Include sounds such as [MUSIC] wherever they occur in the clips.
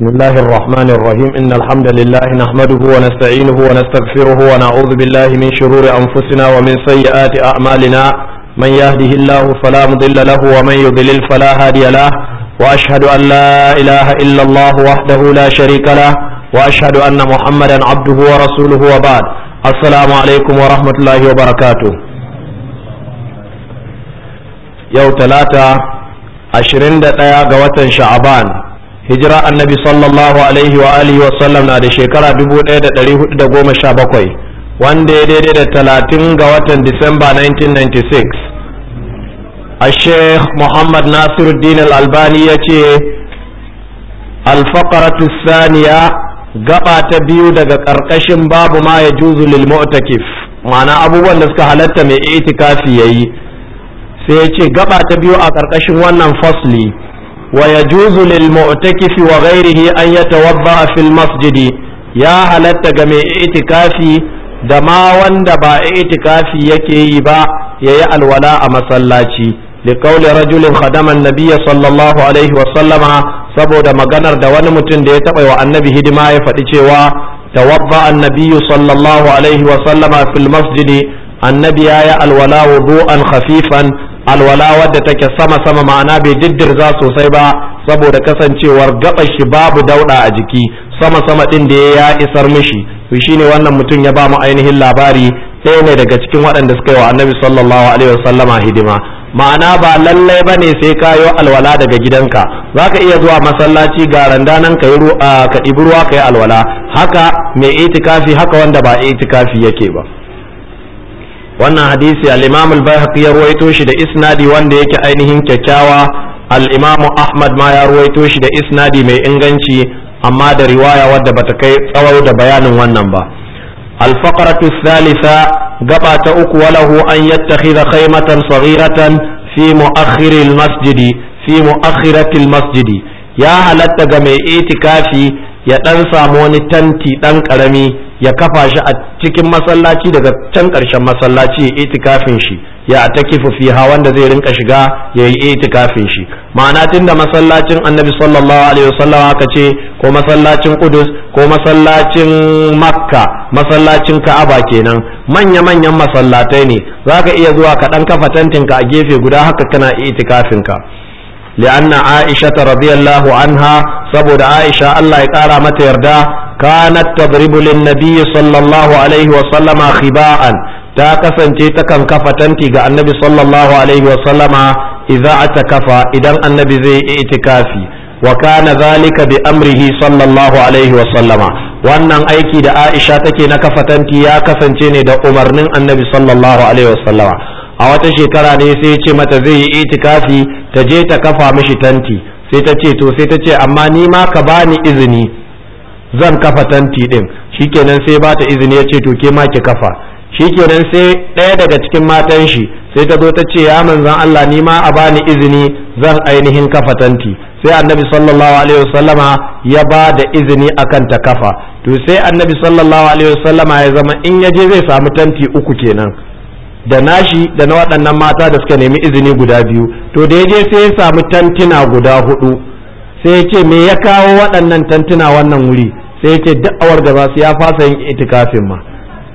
بسم الله الرحمن الرحيم إن الحمد لله نحمده ونستعينه ونستغفره ونعوذ بالله من شرور أنفسنا ومن سيئات أعمالنا من يهده الله فلا مضل له ومن يضلل فلا هادي له وأشهد أن لا إله إلا الله وحده لا شريك له وأشهد أن محمدا عبده ورسوله وبعد السلام عليكم ورحمة الله وبركاته يوم ثلاثة 21 ga watan sha'aban hijira annabi sallallahu alaihi wa alihi wasallam na da shekara 1417 wanda ya daidai da 30 ga watan disamba 1996 a sheikh muhammad nasiruddin al-albani ya ce alfakaratu saniya gaba ta biyu daga ƙarƙashin babu ma ya juzu lil mu'takif ma'ana abubuwan da suka halatta mai itikafi yayi sai ya ce gaba ta biyu a ƙarƙashin wannan fasli ويجوز للمعتكف وغيره أن يتوضأ في المسجد يا هلت جميع اعتكافي دما وند با اعتكافي يكي با يي الولاء مسلاتي لقول رجل خدم النبي صلى الله عليه وسلم saboda maganar da wani mutum da ya taɓa wa annabi hidima ya faɗi cewa tawabba annabiyu sallallahu alaihi wa sallama fil masjidi annabi ya yi alwala wudu'an khafifan alwala wadda take sama sama ma'ana bai diddirza sosai ba saboda kasancewar gaba shi babu dauda a jiki sama sama din da ya isar mishi to shine wannan mutum ya ba mu ainihin labari ɗaya ne daga cikin waɗanda suka yi wa annabi sallallahu alaihi wasallama hidima ma'ana ba lallai bane sai ka kayo alwala daga gidanka zaka iya zuwa masallaci ga randanan ka ka ɗibi ruwa ka yi alwala haka mai itikafi haka wanda ba itikafi yake ba wannan hadisi al-imam al-bayhaqi ya ruwaito shi da isnadi wanda yake ainihin kyakkyawa al-imam ahmad ma ya ruwaito shi da isnadi mai inganci amma da riwaya wadda bata kai tsawo da bayanin wannan ba al-faqratu thalitha gaba ta uku walahu an yattakhidha khaymatan saghiratan fi mu'akhir al-masjidi fi mu'akhirati al-masjidi ya halatta ga mai itikafi ya dan samu wani tanti dan karami ya kafa shi a cikin masallaci daga can ƙarshen masallaci ya itikafin shi ya atakifu fiha wanda zai rinka shiga ya yi itikafin shi ma'ana tun da masallacin annabi sallallahu alaihi wasallam aka ce ko masallacin kudus ko masallacin makka masallacin ka'aba kenan manya manyan masallatai ne za ka iya zuwa ka dan kafa tantinka a gefe guda haka kana itikafin ka لأن عائشة رضي الله عنها saboda Aisha Allah ya ƙara mata yarda kanat tadribu lin nabiy sallallahu alaihi wa sallama khiba'an ta kasance takan kafa tanti ga annabi sallallahu alaihi wa sallama idza atakafa idan annabi zai yi itikafi wa kana zalika bi amrihi sallallahu alaihi wa sallama wannan aiki da Aisha take na kafa tanti ya kasance ne da umarnin annabi sallallahu alaihi wa sallama a wata shekara ne sai ce mata zai yi itikafi ta je ta kafa mashi tanti sai ta ce to sai ta ce amma ni ma ka bani izini zan kafa tanti din shikenan sai ba ta izini ya ce to ke ma ki kafa shikenan sai ɗaya daga cikin matan shi sai ta zo ta ce ya manzon Allah ni ma a bani izini zan ainihin kafa tanti sai annabi sallallahu alaihi wasallama ya ba da izini akan ta kafa to sai annabi sallallahu alaihi wasallama ya zama in ya je zai samu tanti uku kenan da nashi da na waɗannan mata da suka nemi izini guda biyu to da ya je sai ya samu tantina guda hudu sai ya ce me ya kawo waɗannan tantina wannan wuri sai ce duk awar su ya fasa yin itikafin ma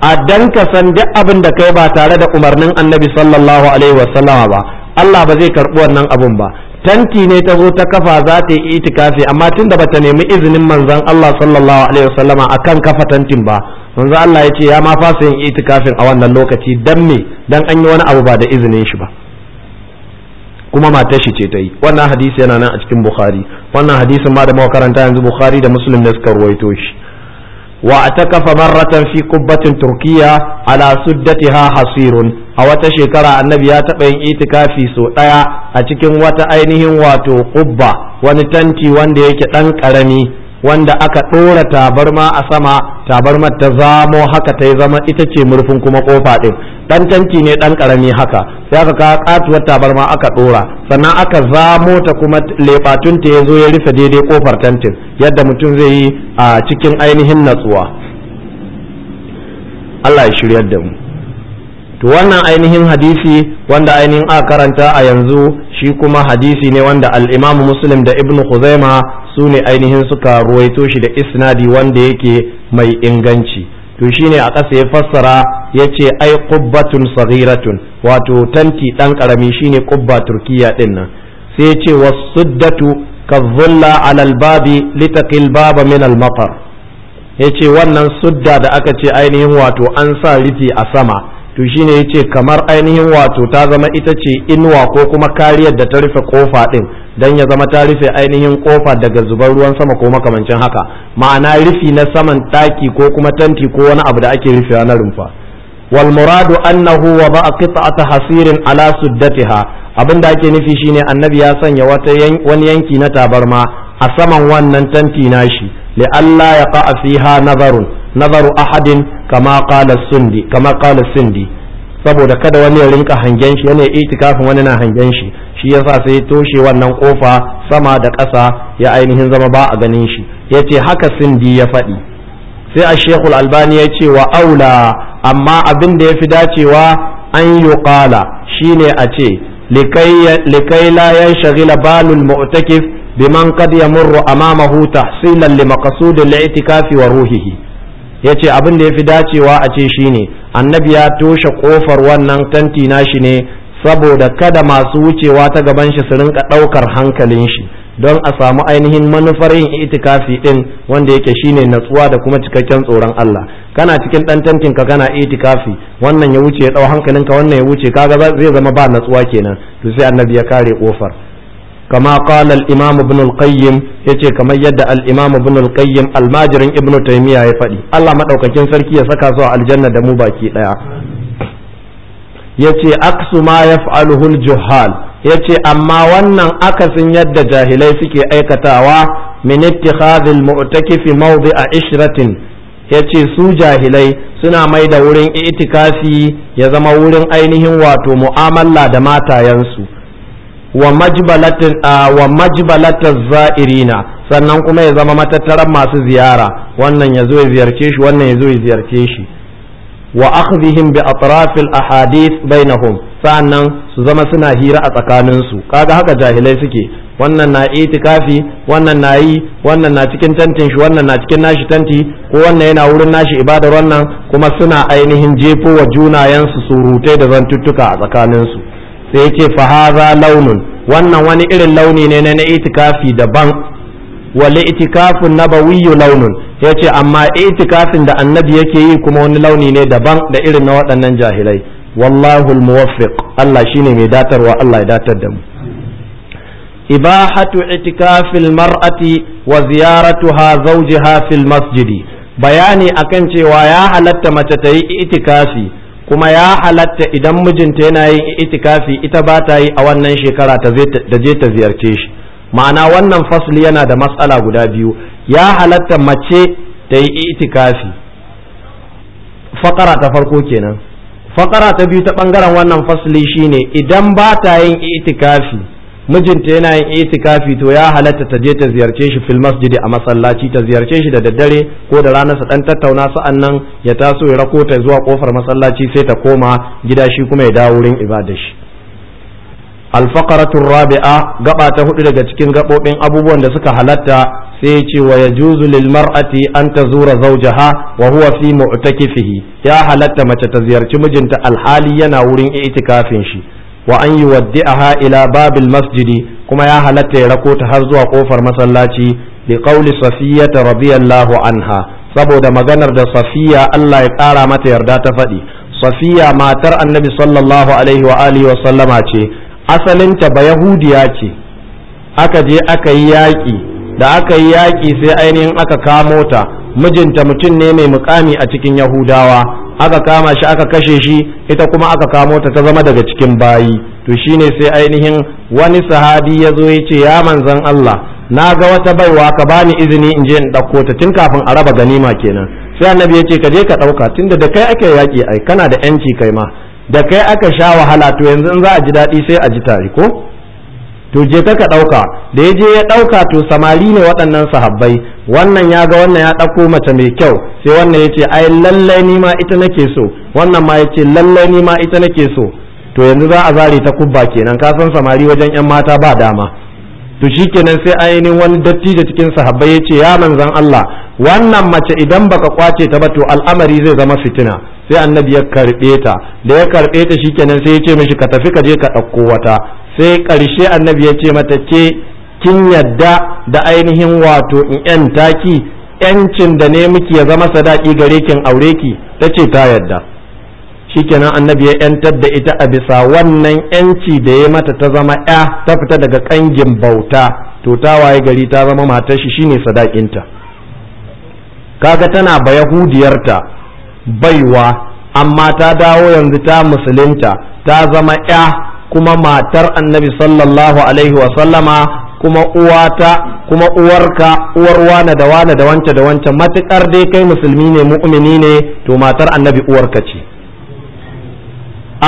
a dan ka san duk abin da kai ba tare da umarnin annabi sallallahu alaihi wasallama ba Allah ba zai karbi wannan abun ba tanti ne ta zo ta kafa za ta yi itikafi amma tun da bata nemi izinin manzon Allah sallallahu alaihi wasallama akan kafa tantin ba manzon Allah ya ce ya ma fasa yin itikafin a wannan lokaci dan me dan an yi wani abu ba da izinin shi ba kuma matar shi ce ta yi wannan hadisi yana nan a cikin bukhari wannan hadisin ma da makaranta yanzu bukhari da muslim ne suka ruwaito shi wa atakafa marratan fi kubbatin turkiya ala suddatiha hasirun a wata shekara annabi ya taɓa yin itikafi so ɗaya a cikin wata ainihin wato kubba wani tanti wanda yake ɗan ƙarami wanda aka ɗora tabarma a sama tabarmar ta zamo haka ta zama ita ce murfin kuma ƙofa ɗin dan tanti ne dan karami haka sai aka ka katuwar tabarma aka dora sannan aka zamo ta kuma lebatun ta yazo ya rufe daidai kofar tantin yadda mutum zai yi a cikin ainihin natsuwa Allah ya shiryar da mu to wannan ainihin hadisi wanda ainihin aka karanta a yanzu shi kuma hadisi ne wanda al-Imam Muslim da Ibn Khuzaima su ne ainihin suka ruwaito shi da isnadi wanda yake mai inganci to shine a ƙasa ya fassara ya ce ai qubbatun saghiratun wato tanti ɗan ƙarami shine kubba turkiya ɗin nan sai ce suddatu ka zulla alal babi litaqil baba min al ya yace wannan sudda da aka ce ainihin wato an sa rufi a sama to shine ce kamar ainihin wato ta zama ita ce inuwa ko kuma kariyar da ta rufe kofa ɗin dan ya zama ta rufe ainihin kofa daga zubar ruwan sama ko makamancin haka ma'ana rufi na saman taki ko kuma tanti ko wani abu da ake rufewa na rumfa wal muradu annahu wa ba'a qit'ata hasirin ala suddatiha abinda ake nufi shine annabi ya sanya wata wani yanki na tabarma a saman wannan tanti nashi li alla yaqa fiha nazarun nazaru ahadin kama qala sundi kama kala sundi saboda kada wani ya rinka hangen shi yana itikafin wani na hangen shi shi yasa sai toshe wannan kofa sama da ƙasa ya ainihin zama ba a ganin shi yace haka sindi ya faɗi sai a shekul albani ya ce wa aula amma abin da ya fi dacewa an yi shine a ce likai la yan shagila balul mu'takif biman qad yamurru amamahu tahsilan li maqsudil i'tikafi wa ruhihi ya ce abin da ya fi dacewa a ce shine annabi ya toshe kofar wannan tanti nashi ne saboda kada masu wucewa ta gaban shi su rinka ɗaukar hankalin shi don a samu ainihin manufar yin itikafi din wanda yake shine natsuwa da kuma cikakken tsoron Allah kana cikin dan tantin ka kana itikafi wannan ya wuce ya dau hankalinka wannan ya wuce kaga zai zama ba natsuwa kenan to sai annabi ya kare kofar kama qala al-imam ibn al-qayyim yace yadda al'imam imam ibn almajirin ibnu taymiya ya faɗi Allah madaukakin sarki ya saka su a aljanna da mu baki ɗaya. yace aksu ma yaf'aluhu al-juhal yace amma wannan akasin yadda jahilai suke aikatawa min ittikhadhi al-mu'takifi mawdi'a ishratin yace su jahilai suna mai da wurin itikafi ya zama wurin ainihin wato mu'amala da matayensu wa majbalatin wa majbalatar za'irina sannan kuma ya zama matattaran masu ziyara wannan ya zo ya ziyarce shi wannan ya zo ya ziyarce shi wa akhdihim bi atrafil ahadith bainahum sa'annan su zama suna hira a tsakaninsu su kaga haka jahilai suke wannan na itikafi wannan na yi wannan na cikin tantin shi wannan na cikin nashi tanti ko wannan yana wurin nashi ibadar wannan kuma suna ainihin jefo wa junayensu surutai da zantuttuka a tsakaninsu. sai ya ce fahaza launin wannan wani irin launi ne na itikafi daban wali itikafin nabawiyyu launin ya ce amma itikafin da annabi yake yi kuma wani launi ne daban da irin na waɗannan jahilai wallahu muwaffiq Allah shine mai datarwa Allah ya datar da mu ibahatu itikafil mar'ati wa ziyaratuha zawjiha fil masjidi bayani akan cewa ya halatta mace ta yi itikafi kuma ya halatta idan mijinta yana yin itikafi ita ba ta yi a wannan shekara da je ta ziyarce shi ma'ana wannan fasli yana da matsala guda biyu ya halatta mace ta yi itikafi fakara ta farko kenan fakara ta biyu ta ɓangaren wannan fasli shine idan ba ta yin itikafi mijinta yana yin itikafi to ya halatta ta je ta ziyarce shi fil masjid a masallaci ta ziyarce shi da daddare ko da ranar sa dan tattauna sa'an nan ya taso ya rako ta zuwa kofar masallaci sai ta koma gida shi kuma ya dawo wurin ibadar shi alfaqaratu rabi'a gaba ta hudu daga cikin gabobin abubuwan da suka halatta sai ya ce wa yajuzu lil mar'ati an tazura zawjaha wa huwa fi mu'takifihi ya halatta mace ta ziyarci mijinta alhali yana wurin itikafin shi wa an yi waddi'aha ila babil masjidi kuma ya halatta ya rako ta har zuwa kofar masallaci bi qawli safiyata radiyallahu anha saboda maganar da safiya Allah ya ƙara mata yarda ta faɗi safiya matar annabi sallallahu alaihi wa alihi wa sallama ce asalinta ba yahudiya ce aka je aka yi yaƙi da aka yi yaƙi sai ainihin aka kamo ta mijinta mutum ne mai mukami a cikin yahudawa aka kama shi aka kashe shi ita kuma aka kamo ta ta zama daga cikin bayi to shine sai ainihin wani sahabi ya zo ya ce ya manzan Allah na ga wata baiwa ka bani izini in je in ɗauko ta tun kafin a raba ganima kenan sai annabi ya ce ka je ka ɗauka tunda da kai ake yaƙi ai kana da yanci kai ma da kai aka sha wahala to yanzu in za a ji daɗi sai a ji tare ko to je ka ka ɗauka da ya je ya dauka to samari ne waɗannan sahabbai wannan ya ga wannan ya ɗauko mace mai kyau sai wannan ya ce ai lallai ni ma ita nake so wannan ma ya ce lallai ni ma ita nake so to yanzu za a zare ta kubba kenan ka san samari wajen yan mata ba dama to shikenan sai ainihin wani dattijo cikin sahabbai ya ce ya manzan Allah wannan mace idan baka kwace ta ba to al'amari zai zama fitina sai annabi ya karbe ta da ya karbe ta shikenan sai ya ce mishi ka tafi ka je ka ɗauko wata sai ƙarshe annabi ya ce mata ke kin yadda da ainihin wato in taki yancin da ne muke ya zama sadaki gare kin aure ki ta ce ta yadda shikenan annabi ya yantar da ita a bisa wannan yanci da ya mata ta zama ya ta fita daga ƙangin bauta to ta waye gari ta zama matar shi shine sadakinta kaga tana ba yahudiyarta baiwa amma ta dawo yanzu ta musulunta ta zama ya kuma matar annabi sallallahu alaihi wa sallama kuma uwata kuma uwarka uwar wane da wane da wance da wance matukar dai kai musulmi ne mu'mini ne to matar annabi uwarka ce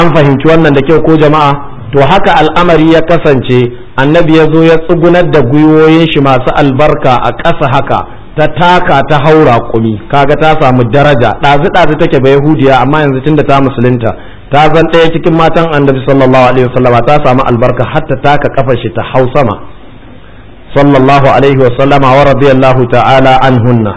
an fahimci wannan da kyau ko jama'a to haka al'amari ya kasance annabi ya zo ya tsugunar da gwiwoyin shi masu albarka a ƙasa haka ta taka ta haura kumi kaga ta samu daraja ɗazu ɗazu take ba yahudiya amma yanzu tunda ta musulunta ta zan ɗaya cikin matan annabi sallallahu alaihi wasallama ta samu albarka hatta taka kafa shi ta hau sama sallallahu alaihi wasallama wa radiyallahu ta'ala anhunna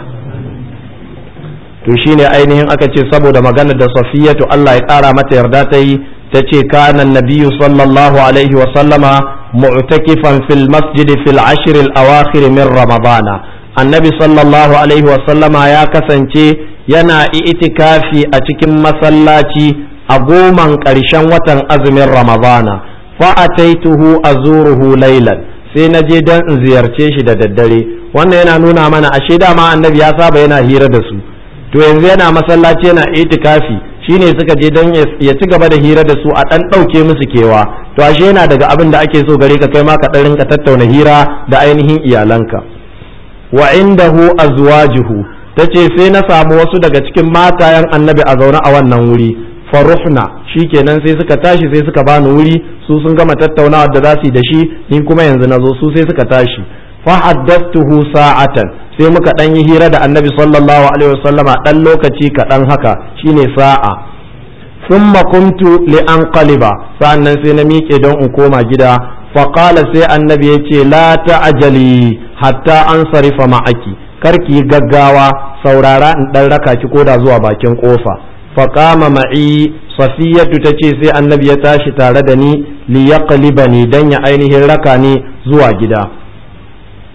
to shine ainihin aka ce saboda maganar da safiyatu Allah ya ƙara mata yarda ta yi ta ce kana nabiyyu sallallahu alaihi wasallama mu'takifan fil masjid fil ashr al awakhir min ramadana annabi sallallahu alaihi wasallama ya kasance yana itikafi a cikin masallaci a goman ƙarshen watan azumin ramadana fa'ataituhu azuruhu lailan sai na je don in ziyarce shi da daddare wannan yana nuna mana ashe ma annabi ya saba yana hira da su to yanzu yana masallaci yana itikafi shine suka je don ya ci gaba da hira da su a dan ɗauke musu kewa to ashe yana daga abin da ake so gare ka kai ma ka ɗan rinka tattauna hira da ainihin iyalanka wa indahu azwajuhu tace sai na samu wasu daga cikin matayen annabi a zaune a wannan wuri faruhna kenan sai suka tashi sai suka bani wuri su sun gama tattaunawa da za su yi da shi ni kuma yanzu na zo su sai suka tashi fa haddathtuhu sa'atan sai muka dan yi hira da annabi sallallahu alaihi wasallama dan lokaci kaɗan haka shine sa'a thumma kuntu li anqaliba sa'annan sai na miƙe don in koma gida fa qala sai annabi yace la ta'jali hatta an sarifa ma'aki karki gaggawa saurara in dan raka ki koda zuwa bakin kofa faƙama ma'i safiyatu ta ce sai annabi ya tashi tare da ni li yaqliba ni dan ya ainihin raka ni zuwa gida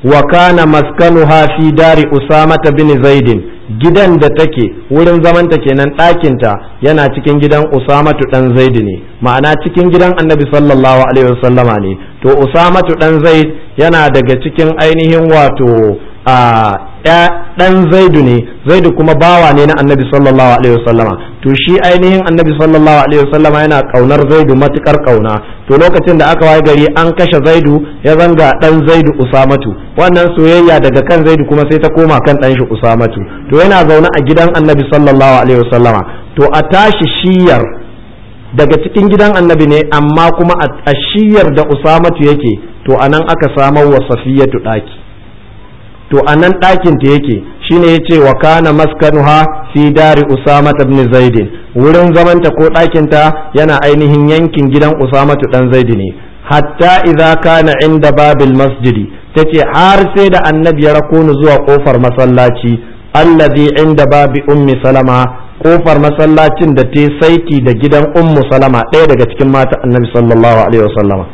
wakana kana maskanuha fi dari usamata bin zaidin gidan da take wurin zamanta kenan ɗakinta yana cikin gidan usamatu ɗan zaidi ne ma'ana cikin gidan annabi sallallahu alaihi ne to usamatu ɗan zaid yana daga cikin ainihin wato ɗan zaidu ne zaidu kuma bawa ne na annabi sallallahu alaihi wasallama to shi ainihin annabi sallallahu alaihi wasallama yana kaunar zaidu matukar kauna to lokacin da aka waye gari an kashe zaidu ya zanga ɗan zaidu usamatu wannan soyayya daga kan zaidu kuma sai ta koma kan ɗan shi usamatu to yana zaune a gidan annabi sallallahu alaihi wasallama to a tashi shiyar daga cikin gidan annabi ne amma kuma a shiyar da usamatu yake to anan aka samar wa safiyatu ɗaki to a nan ɗakin ta yake shine ya ce wa kana maskanuha fi dari usama ibn zaidin wurin zamanta ko ɗakin ta yana ainihin yankin gidan usama dan zaidi ne hatta idza kana inda babil masjidi tace har sai da annabi ya rako zuwa kofar masallaci allazi inda babi ummi salama kofar masallacin da ta saiti da gidan ummu salama ɗaya daga cikin mata annabi sallallahu alaihi wasallama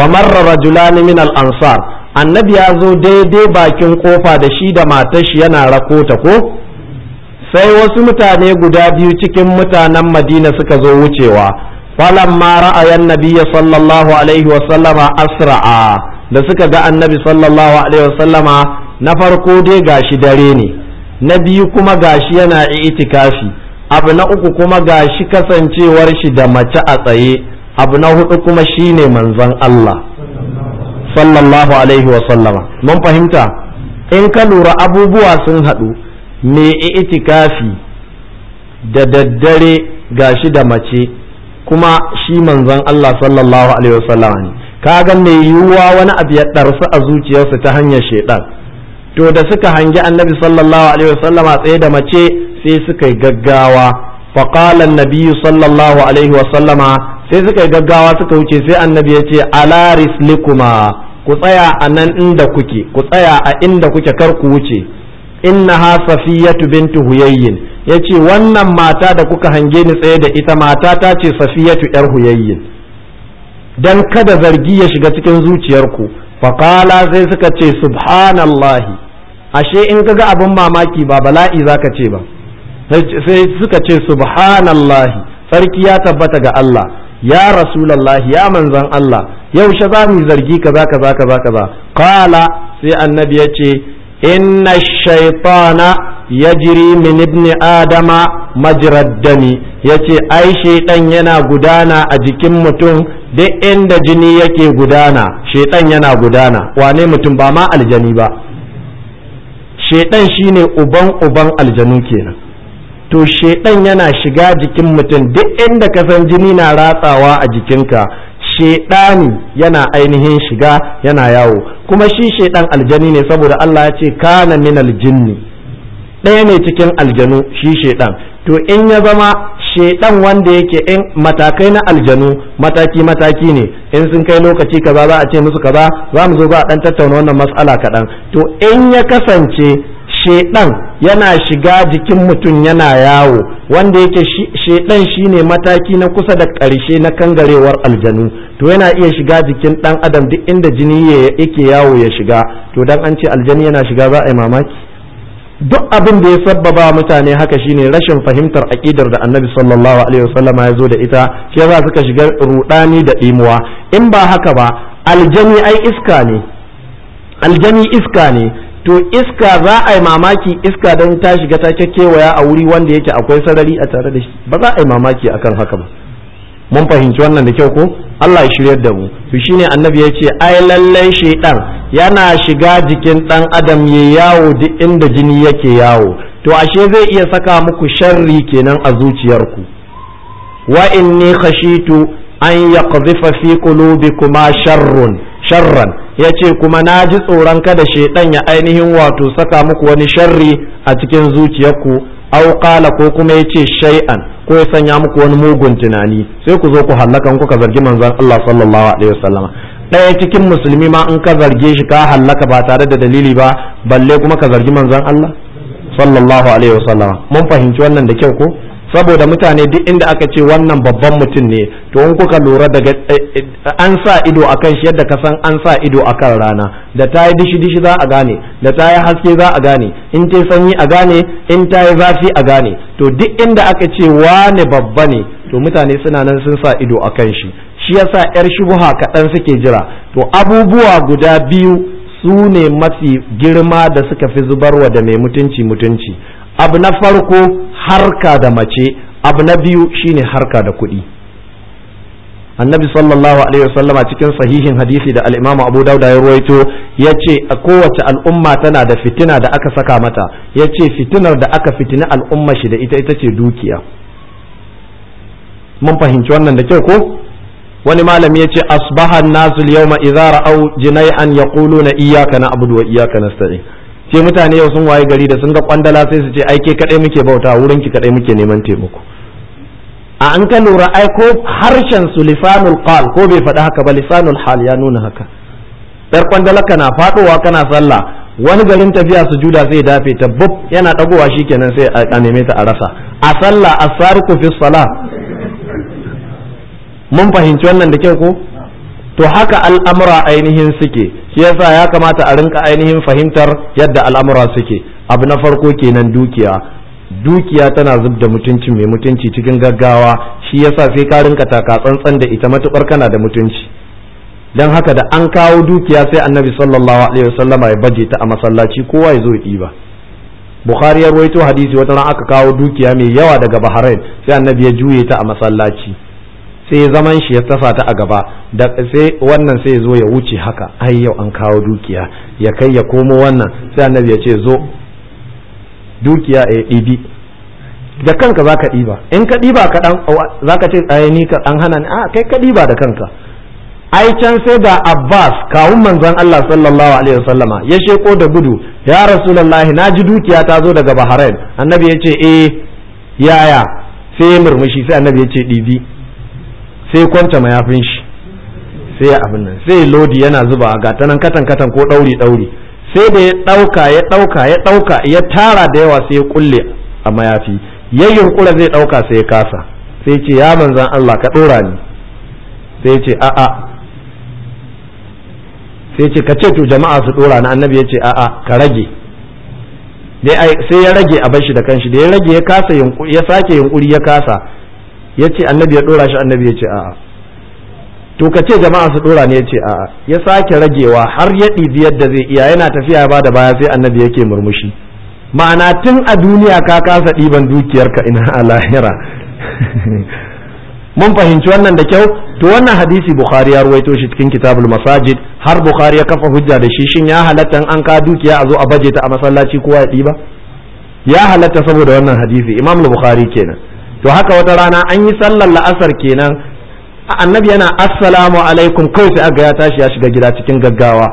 famarra rajulani min al ansar annabi ya zo daidai bakin kofa da shi da matashi yana rako ko sai wasu mutane guda biyu cikin mutanen madina suka zo wucewa falamma ra'ayan nabiyya sallallahu alaihi wasallama asra'a da suka ga annabi sallallahu alaihi wasallama na farko dai gashi dare ne na biyu kuma gashi yana itikafi abu na uku kuma gashi kasancewar shi da mace a tsaye abu na hudu kuma shine manzon Allah sallallahu alaihi wa sallama mun fahimta in ka lura abubuwa sun haɗu me itikafi da daddare gashi da mace kuma shi manzon Allah sallallahu alaihi wa sallama ne gan ne yiwuwa wani abu ya ɗarsu a zuciyarsa ta hanyar shaidan to da suka hangi annabi sallallahu alaihi wa sallama tsaye da mace sai suka yi gaggawa فقال النبي صلى الله عليه وسلم sai suka yi gaggawa suka wuce sai annabi ya ce ala rislikuma ku tsaya a nan inda kuke ku tsaya a inda kuke kar ku wuce ha safiyatu bintu huyayyin yace wannan mata da kuka hange ni tsaye da ita mata ta ce safiyatu yar huyayyin dan kada zargi ya shiga cikin zuciyarku faqala sai suka ce subhanallahi ashe in kaga abin mamaki ba bala'i zaka ce ba sai suka ce subhanallahi sarki ya tabbata ga Allah ya rasulullahi ya manzon Allah yaushe za mu zargi ka za ka kaza Kala. sai annabi ya ce inna ya jiri min ibn adama majiraddani Ya ce ai shaitan yana gudana a jikin mutum duk inda jini yake gudana shaitan yana gudana wane mutum ba ma aljani ba shaiɗan shine uban uban aljanu kenan to shaiɗan yana shiga jikin mutum duk inda ka san jini na ratsawa a jikinka sheɗani yana ainihin shiga yana yawo kuma shi shedan aljani ne saboda Allah ya ce kana min aljinni ɗaya ne cikin aljanu shi shedan to in ya zama shedan wanda yake in matakai na aljanu mataki mataki ne in sun kai lokaci kaza za a ce musu kaza za mu zo za a dan tattauna wannan mas'ala kaɗan to in ya kasance shedan yana shiga jikin mutum yana yawo wanda yake shedan shine mataki na kusa da ƙarshe na kangarewar aljanu to yana iya shiga jikin dan adam duk inda jini yake yawo ya shiga to dan an ce aljani yana shiga za a yi mamaki duk abin da ya sabbaba mutane haka shine rashin fahimtar aqidar da annabi sallallahu alaihi wasallama ya zo da ita shi yasa suka shiga rudani da dimuwa in ba haka ba aljani ai iska ne aljani iska ne to iska za a yi mamaki iska don ta shiga ta kewaya a wuri wanda yake akwai sarari a tare da shi ba za a yi mamaki akan haka ba mun fahimci wannan da kyau ko Allah ya shiryar da mu to shine annabi yace ce ai lallai shaytan yana shiga jikin dan adam ya yawo duk inda jini yake yawo to ashe zai iya saka muku sharri kenan a zuciyarku wa inni khashitu an yaqdhifa fi qulubikuma sharrun sharran ya ce kuma na ji tsoron kada shaidan ya ainihin wato saka muku wani sharri a cikin zuciyarku au qala ko kuma ya ce shay'an ko ya sanya muku wani mugun tunani sai ku zo ku hallaka ka zargi manzon Allah sallallahu alaihi wasallam ɗaya cikin musulmi ma in ka zarge shi ka hallaka ba tare da dalili ba balle kuma ka zargi manzon Allah sallallahu alaihi wasallam mun fahimci wannan da kyau ko saboda mutane duk inda aka ce wannan babban mutum ne to in kuka lura daga eh, eh, an sa ido akan shi yadda ka san an sa ido akan rana da ta yi dishi dishi za a gane da ta yi haske za a gane in ta sanyi a gane in ta yi zafi a gane to duk inda aka ce wane babba ne to mutane suna nan sun sa ido akan shi shi yasa yar shubuha kaɗan suke jira to abubuwa guda biyu su ne mafi girma da suka fi zubarwa da mai mutunci mutunci abu na farko harka da mace abu na biyu shine harka da kuɗi annabi sallallahu alaihi wasallama cikin sahihin hadisi da al'imamu abu dauda ya ruwaito ya ce a kowace al'umma tana da fitina da aka saka mata ya ce fitinar da aka fitina al'umma shi da ita ita ce dukiya mun fahimci wannan da kyau ko wani malami ya ce asbahan nasu yawma idza jinai na yaquluna iyyaka na'budu wa iyyaka nasta'in ce mutane yau sun waye gari da sun ga kwandala sai su ce ai ke kadai muke bauta wurin ki kadai muke neman taimako a an ka lura ai ko harshen su lisanul qal ko bai faɗi haka ba lisanul hal ya nuna haka dar kwandala kana fadowa kana sallah wani garin tafiya su juda sai dafe ta bub yana dagowa shikenan sai a neme ta a rasa a sallah as fi salah mun fahimci wannan da kyau ko to haka al'amura ainihin suke shi yasa ya kamata a rinka ainihin fahimtar yadda al'amura suke abu na farko kenan dukiya dukiya tana zub da mutunci mai mutunci cikin gaggawa shi yasa sai ka rinka taka tsantsan da ita matukar kana da mutunci dan haka da an kawo dukiya sai annabi sallallahu alaihi wasallama ya baje ta a masallaci kowa ya zo ya ɗiba bukhari ya rawaito hadisi wata ran aka kawo dukiya mai yawa daga bahrain sai annabi ya juye ta a masallaci sai zaman shi ya tafa ta a gaba da sai wannan sai zo ya wuce haka ai yau an kawo dukiya ya kai ya komo wannan sai annabi ya ce zo dukiya a eh, ɗibi da kanka za ka ɗiba in ka ɗiba ka ɗan za ka ce ai ni an hana ni a ah, kai ka ɗiba da kanka ai can sai da Abbas kawun manzon Allah sallallahu alaihi wasallama ya sheko da gudu ya rasulullahi na ji dukiya ta zo daga Bahrain annabi ya ce eh yaya sai murmushi sai annabi ya ce ɗibi sai kwanta mayafin shi sai abin nan sai lodi yana zuba ga ta nan katan katan ko dauri dauri sai da ya dauka ya dauka ya dauka ya tara da yawa sai ya kulle a mayafi yayin yunkura zai dauka sai ya kasa sai ya ce ya manzan Allah ka dora ni sai ya ce a'a sai ce ka ce to jama'a su dora na annabi ya ce a'a ka rage sai ya rage a bar shi da kanshi da ya rage ya kasa ya sake yunkuri ya kasa ya ce annabi ya ɗora shi annabi ya ce a'a to ka ce jama'a su ɗora ne ya ce a'a ya sake ragewa har ya ɗibi yadda zai iya yana tafiya ba da baya sai annabi yake murmushi ma'ana tun a duniya ka kasa ɗiban dukiyarka ina a lahira mun fahimci wannan da kyau to wannan hadisi bukhari ya ruwaito shi cikin kitabul masajid har bukhari ya kafa hujja da shi shin ya halatta in an ka dukiya a zo a baje ta a masallaci kowa ya ɗiba ya halatta saboda wannan hadisi imam bukhari kenan to haka wata rana an yi sallar la'asar kenan annabi yana assalamu alaikum kawai sai aga ya tashi ya shiga gida cikin gaggawa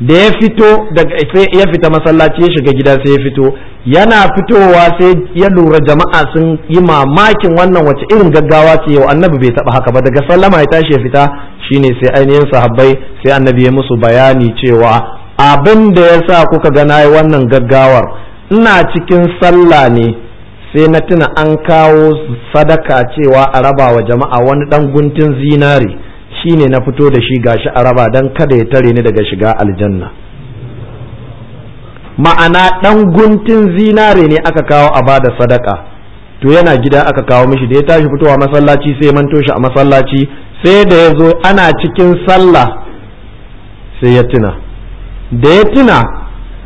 da ya fito daga sai ya fita masallaci ya shiga gida sai ya fito yana fitowa sai ya lura jama'a sun yi mamakin wannan wace irin gaggawa ce yau annabi bai taba haka ba daga sallama ya tashi ya fita shine sai ainihin sahabbai sai annabi ya musu bayani cewa abin da ya sa kuka ga nayi wannan gaggawar ina cikin sallah ne sai na tuna an kawo sadaka cewa a raba wa jama'a wani dan guntun zinari shine na fito da shi gashi a raba don kada ya tare ni daga shiga aljanna ma'ana dan guntun zinare ne aka kawo a bada sadaka to yana gida aka kawo mishi da ya tashi fitowa masallaci sai manto shi a masallaci sai da ya zo ana cikin sallah sai ya tuna da ya tuna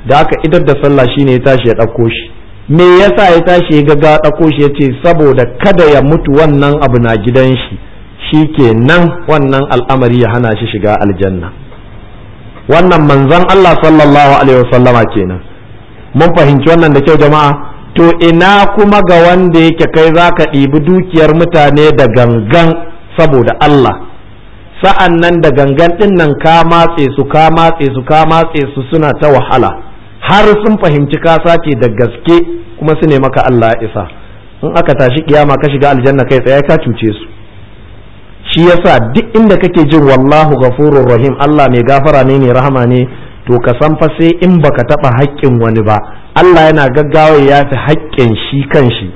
da aka idar da sallah shine ya tashi ya ɗauko shi me yasa ya tashi ya ga ɗako shi ya ce saboda kada ya mutu wannan abu na gidan shi shi ke nan wannan al'amari ya hana shi shiga aljanna wannan manzan Allah sallallahu alaihi wasallama kenan mun fahimci wannan da kyau jama'a to ina kuma ga wanda yake kai za ka ɗibi dukiyar mutane da gangan saboda Allah sa'an nan da gangan ɗin nan ka matse su ka matse su ka matse su suna ta wahala har sun fahimci ka sace da gaske kuma su ne maka Allah ya isa in aka tashi kiyama ka shiga aljanna kai tsaye ka cuce su shi yasa duk inda kake jin wallahu ghafurur rahim Allah mai gafara ne mai rahama ne to ka san fa sai in baka taba haƙƙin wani ba Allah yana gaggawa ya fi haƙƙin shi kanshi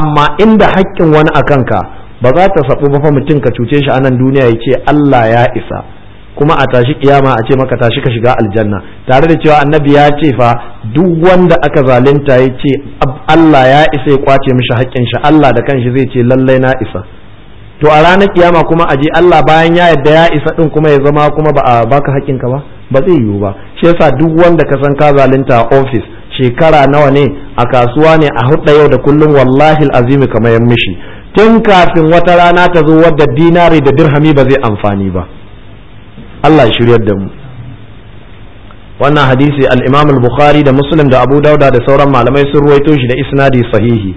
amma inda haƙƙin wani a kanka ba za ta sabu ba fa mutum ka cuce shi a nan duniya ya ce Allah ya isa kuma a tashi kiyama a ce maka tashi ka shiga aljanna tare da cewa annabi ya ce fa duk wanda aka zalunta ya ce Allah ya isa ya kwace mishi haƙƙin shi Allah da kanshi zai ce lallai na isa to a ranar kiyama kuma a je Allah bayan ya yadda ya isa din kuma ya zama kuma ba a baka haƙƙin ka ba ba zai yiwu ba shi yasa duk wanda ka san ka zalunta a office shekara nawa ne a kasuwa ne a hudda yau da kullum wallahi azimi kamar mishi tun kafin wata rana ta zo wadda dinari da dirhami ba zai amfani ba Allah ya shiryar da mu wannan hadisi al-Imam al-Bukhari da Muslim da Abu Dauda da sauran malamai sun ruwaito shi da isnadi sahihi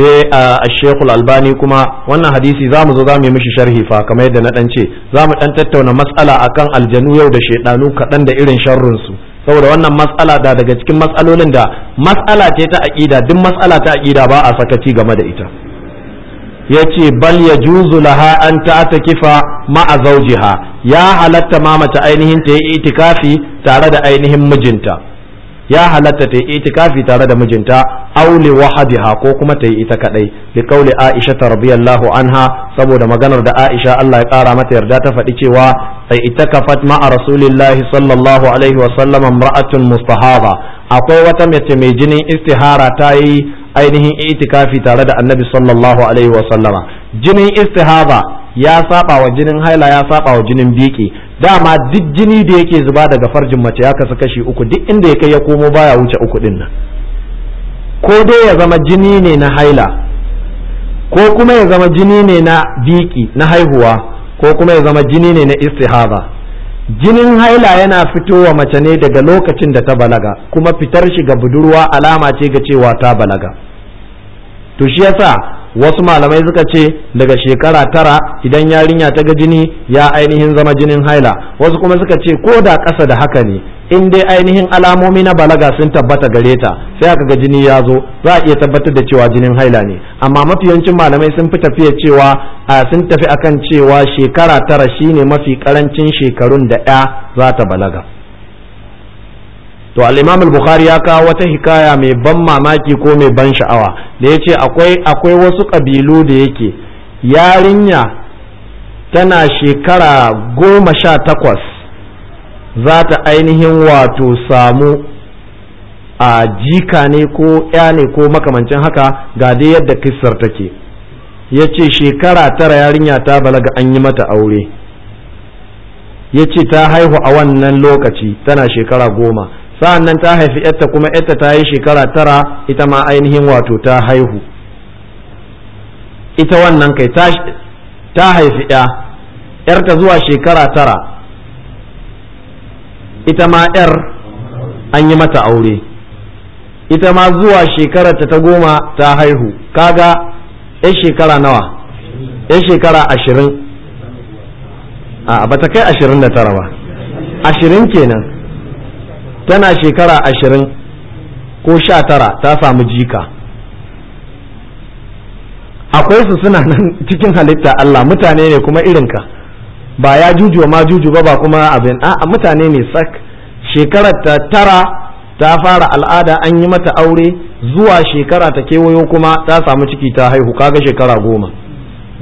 sai a Sheikh al-Albani kuma wannan hadisi zamu zo zamu yi mishi sharhi fa kamar yadda na dan ce zamu dan tattauna mas'ala akan aljanu yau da shaiɗanu kadan da irin sharrun su saboda wannan mas'ala da daga cikin mas'alolin da mas'ala ce ta aqida duk mas'ala ta aqida ba a sakaci game da ita yace bal yajuzu laha an ta'takifa ma'a zaujiha ya halatta ma mace ainihin ta yi itikafi tare da ainihin mijinta ya halatta ta yi itikafi tare da mijinta auli wahadiha ko kuma ta yi ita kadai li kauli aisha ta rabiyallahu anha saboda maganar da aisha Allah ya kara mata yarda ta faɗi cewa ai itakafat ma'a rasulillahi sallallahu alaihi wa sallam imra'atun mustahaba akwai wata mace mai jinin istihara ta yi ainihin itikafi tare da annabi sallallahu alaihi wa sallama jinin istihaba ya saba wa jinin haila ya saba wa jinin biki dama duk jini da yake zuba daga farjin mace ya kasu kashi uku duk inda ya kai ya komo baya wuce uku din nan ko dai ya zama jini ne na haila ko kuma ya zama jini ne na biki na haihuwa ko kuma ya zama jini ne na istihaba jinin haila yana fitowa mace ne daga lokacin da ta balaga kuma fitar shi ga budurwa alama ce ga cewa ta balaga to shi yasa wasu malamai suka ce daga shekara tara idan yarinya ta ga jini ya ainihin zama jinin haila wasu kuma suka ce ko da ƙasa da haka ne in dai ainihin alamomi na balaga sun tabbata gare ta sai aka ga jini ya zo za a iya tabbatar da cewa jinin haila ne amma mafi yawancin malamai sun fi tafiya cewa a sun tafi akan cewa shekara tara shine mafi karancin shekarun da ya za ta balaga to al-imam al-bukhari ya kawo wata hikaya mai ban mamaki ko mai ban sha'awa da ya ce akwai akwai wasu kabilu da yake yarinya tana shekara goma sha takwas za ta ainihin wato samu a jika ne ko ya ne ko makamancin haka ga dai yadda kissar take ya ce shekara tara yarinya ta balaga an yi mata aure ya ce ta haihu a wannan lokaci tana shekara goma sa'an nan ta haifi ‘yarta kuma ‘yarta ta yi shekara tara ita ma ainihin wato ta haihu ita wannan kai ta haifi ya yarta zuwa shekara tara ita ma yar an yi mata aure ita ma zuwa shekararta ta goma ta haihu kaga yan shekara nawa yan shekara ashirin a ba ta kai ashirin da tara ba ashirin kenan tana shekara ashirin ko sha tara ta samu jika akwai su suna nan cikin halitta Allah mutane ne kuma irinka ba ya juju ma juju ba ba kuma abin a mutane ne sak shekarar ta tara ta fara al'ada an yi mata aure zuwa shekara ta kewayo kuma ta samu ciki ta haihu kaga shekara goma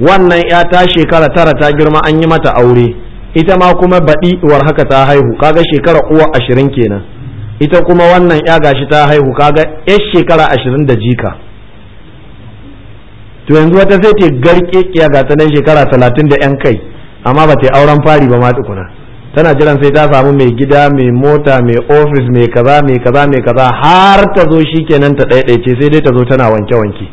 wannan ya ta shekara tara ta girma an yi mata aure ita ma kuma baɗi war haka ta haihu kaga shekara uwa ashirin kenan ita kuma wannan ya gashi ta haihu kaga yar shekara ashirin da jika to yanzu wata sai ta garkekiya ga ta nan shekara talatin da yan kai amma ba ta yi auren fari ba ma tukuna tana jiran sai ta samu mai gida mai mota mai ofis mai kaza mai kaza mai kaza har ta zo shi kenan ta ɗaiɗaice sai dai ta zo tana wanke-wanke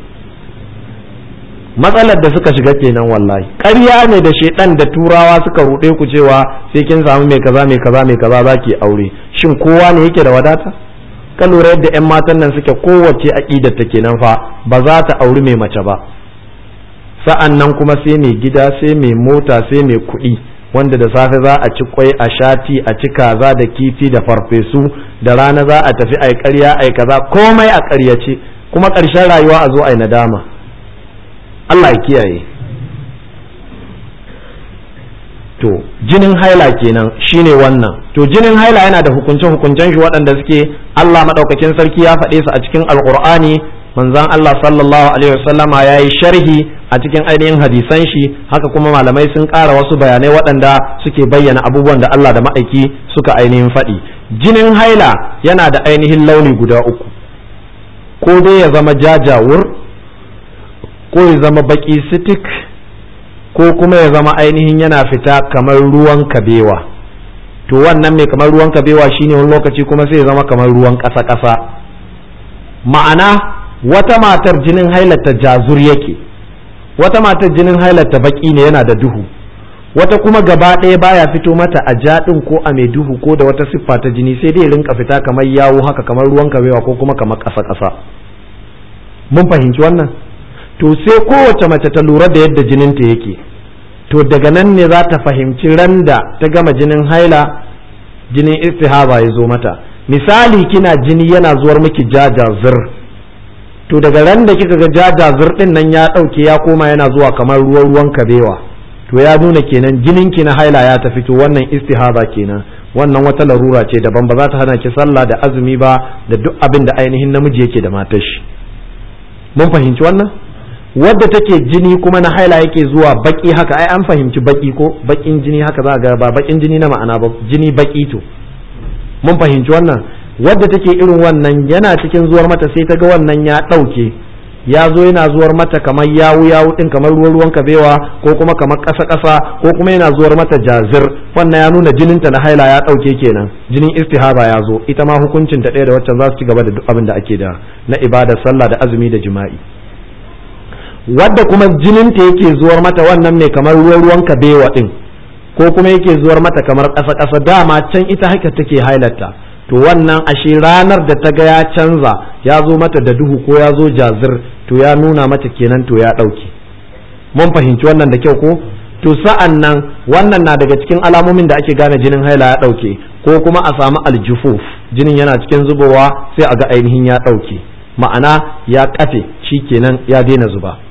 matsalar da suka shiga kenan wallahi ƙarya ne da shaidan da turawa suka ruɗe ku cewa sai kin samu mai kaza mai kaza mai kaza za ki aure shin kowa ne yake da wadata ka lura yadda 'yan matan nan suke kowace aƙidar ta kenan fa ba za ta auri mai mace ba sa'an nan kuma sai mai gida sai mai mota sai mai kuɗi wanda da safe za a ci kwai a shati a ci kaza da kifi da farfesu da rana za a tafi ai ƙarya ai kaza komai a ƙaryace kuma ƙarshen rayuwa a zo ai nadama Allah ya kiyaye to jinin haila kenan shine wannan to jinin haila yana da hukunce hukuncen shi waɗanda suke Allah madaukakin sarki ya faɗe su a cikin alqur'ani manzon Allah sallallahu alaihi wasallama yayi sharhi a cikin ainihin hadisan shi haka kuma malamai sun ƙara wasu bayanai waɗanda suke bayyana abubuwan da Allah da ma'aiki suka ainihin faɗi jinin haila yana da ainihin launi guda uku ko dai ya zama jajawur ko ya zama baki sitik ko kuma ya zama ainihin yana fita kamar ruwan kabewa to wannan mai kamar ruwan kabewa shine wani lokaci kuma sai ya zama kamar ruwan ƙasa-ƙasa ma'ana wata matar jinin hailata jazur yake wata matar jinin hailata baki ne yana da duhu wata kuma gaba ɗaya baya fito mata a jaɗin ko a mai duhu ko da wata siffa ta jini sai dai rinka fita kamar yawo haka kamar ruwan kabewa ko kuma kamar ƙasa-ƙasa mun fahimci wannan to sai kowace mace ta lura da yadda jinin jininta yake to daga nan ne za ta fahimci da ta gama jinin haila jinin istihaba ya zo mata misali kina jini yana zuwar miki jajazir to daga ran da kika ga jajazir din nan ya dauke ya koma yana zuwa kamar ruwan ruwan kabewa to ya nuna kenan jinin ki na haila ya tafi to wannan istihaba kenan wannan wata larura ce daban ba za ta hana ki sallah da azumi ba da duk abin da ainihin namiji yake da matar shi mun fahimci wannan wadda take jini kuma na haila yake zuwa baki haka ai an fahimci baki ko bakin jini haka za ga ba bakin jini na ma'ana ba jini baki to mun fahimci wannan wadda take irin wannan yana cikin zuwar mata sai ta ga wannan ya ɗauke ya zo yana zuwar mata kamar yawu yawu din kamar ruwan ruwan kabewa ko kuma kamar kasa ƙasa ko kuma yana zuwar mata jazir wannan ya nuna jinin ta na haila ya ɗauke kenan jinin istihaba ya zo ita ma hukuncin ta ɗaya da waccan za su ci gaba da duk abin da ake da na ibada sallah da azumi da jima'i wadda kuma jininta yake zuwa mata wannan mai kamar ruwan ruwan kabewa din ko kuma yake zuwar mata kamar ƙasa ƙasa dama can ita haka take hailarta to wannan ashe ranar da ta ga ya canza ya zo mata da duhu ko ya zo jazir to ya nuna mata kenan to ya ɗauke mun fahimci wannan da kyau ko to sa'an nan wannan na daga cikin alamomin da ake gane jinin haila ya ɗauke ko kuma a samu aljufuf jinin yana cikin zubowa sai a ga ainihin ya ɗauke ma'ana ya ƙafe shi kenan ya daina zuba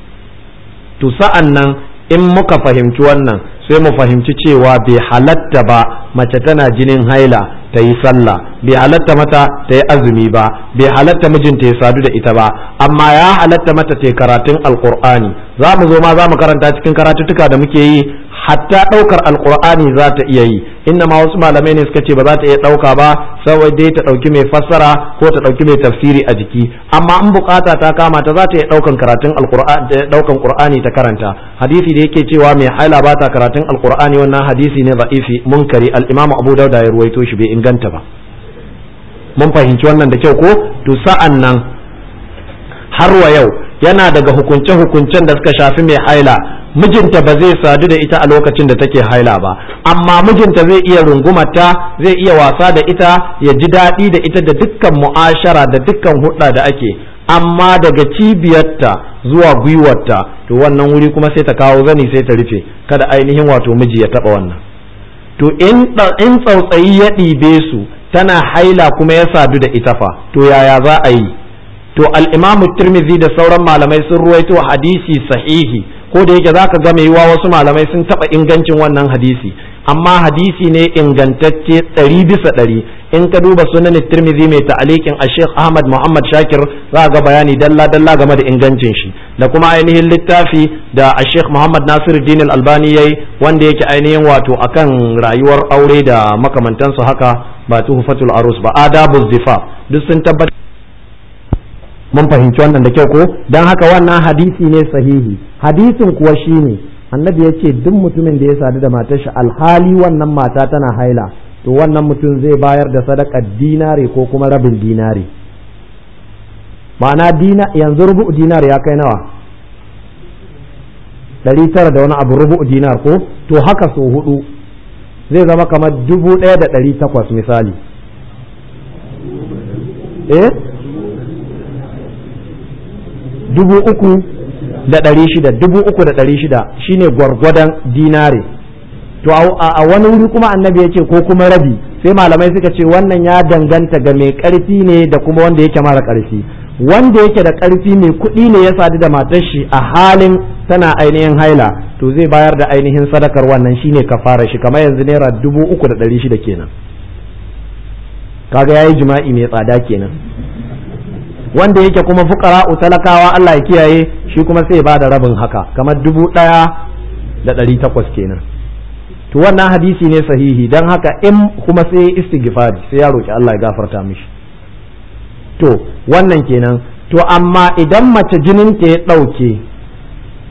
to sa'an nan in muka fahimci wannan sai mu fahimci cewa bai halatta ba mace tana jinin haila ta yi sallah bai halatta mata ta yi azumi ba bai halatta mijinta ya sadu da ita ba amma ya halatta mata ta karatun alkur'ani za mu zo ma za mu karanta cikin karatuttuka da muke yi hatta ɗaukar alkur'ani za ta iya yi inna ma wasu malamai ne suka ce ba za ta iya ɗauka ba sai dai ta ɗauki mai fassara ko ta ɗauki mai tafsiri a jiki amma in bukata ta kama ta za ta iya ɗaukan karatun alkur'ani daukan eh, qur'ani ta karanta hadisi da yake cewa mai haila ba ta karatun alkur'ani wannan hadisi ne za'ifi munkari al-imam abu dauda ya ruwaito shi bai inganta ba mun fahimci wannan da kyau ko to sa'an nan har wa yau yana daga hukunce-hukuncen da suka shafi mai haila mijinta ba zai sadu da ita a lokacin da take haila ba amma mijinta zai iya rungumata zai iya wasa da ita ya ji daɗi da ita da dukkan mu'ashara da dukkan hudda da ake amma daga cibiyarta zuwa gwiwarta to wannan wuri kuma sai ta kawo zani sai ta rufe kada ainihin wato miji ya taba wannan to in tsautsayi ya ɗibe su tana haila kuma ya sadu da ita fa to yaya za a yi to al-imam tirmidhi da sauran malamai sun ruwaito hadisi sahihi ko da yake zaka ga mai yiwa wasu malamai sun taba ingancin wannan hadisi amma hadisi ne ingantacce ɗari bisa ɗari in ka duba sunan tirmidhi mai ta'alikin a sheikh ahmad muhammad shakir za ga bayani dalla dalla game da ingancin shi da kuma ainihin littafi da a sheikh muhammad nasiru din albani yayi wanda yake ainihin wato akan rayuwar aure da makamantansu haka ba tuhufatul arus ba adabuz difa duk sun tabbatar mun fahimci wannan da kyau ko don haka wannan hadisi ne sahihi hadisin kuwa shine annabi ya ce duk mutumin da ya sadu da matar shi alhali wannan mata tana haila to wannan mutum zai bayar da sadaka dinare ko kuma rabin dinare ma'ana dina yanzu rubu dinar ya kai nawa ɗari tara da wani abu rubu dinar ko to haka so hudu zai zama kamar dubu ɗaya da ɗari takwas misali eh dubu uku da ɗari shida dubu uku da ɗari shida shi ne gwargwadon dinare to a wani wuri kuma annabi ya ce ko kuma rabi sai malamai suka ce wannan ya danganta ga mai ƙarfi ne da kuma wanda yake mara ƙarfi wanda yake da ƙarfi mai kuɗi ne ya sadu da matar shi a halin tana ainihin haila to zai bayar da ainihin sadakar wannan shi shine kafara shi kamar yanzu naira dubu uku da ɗari shida kenan kaga ya yi jima'i mai tsada kenan wanda yake kuma fukara talakawa Allah ya kiyaye shi kuma sai ba da rabin haka kamar dubu ɗaya da ɗari takwas kenan to wannan hadisi ne sahihi don haka in kuma sai istighfari sai ya roƙi Allah ya gafarta mishi to wannan kenan to amma idan mace jinin ta ya ɗauke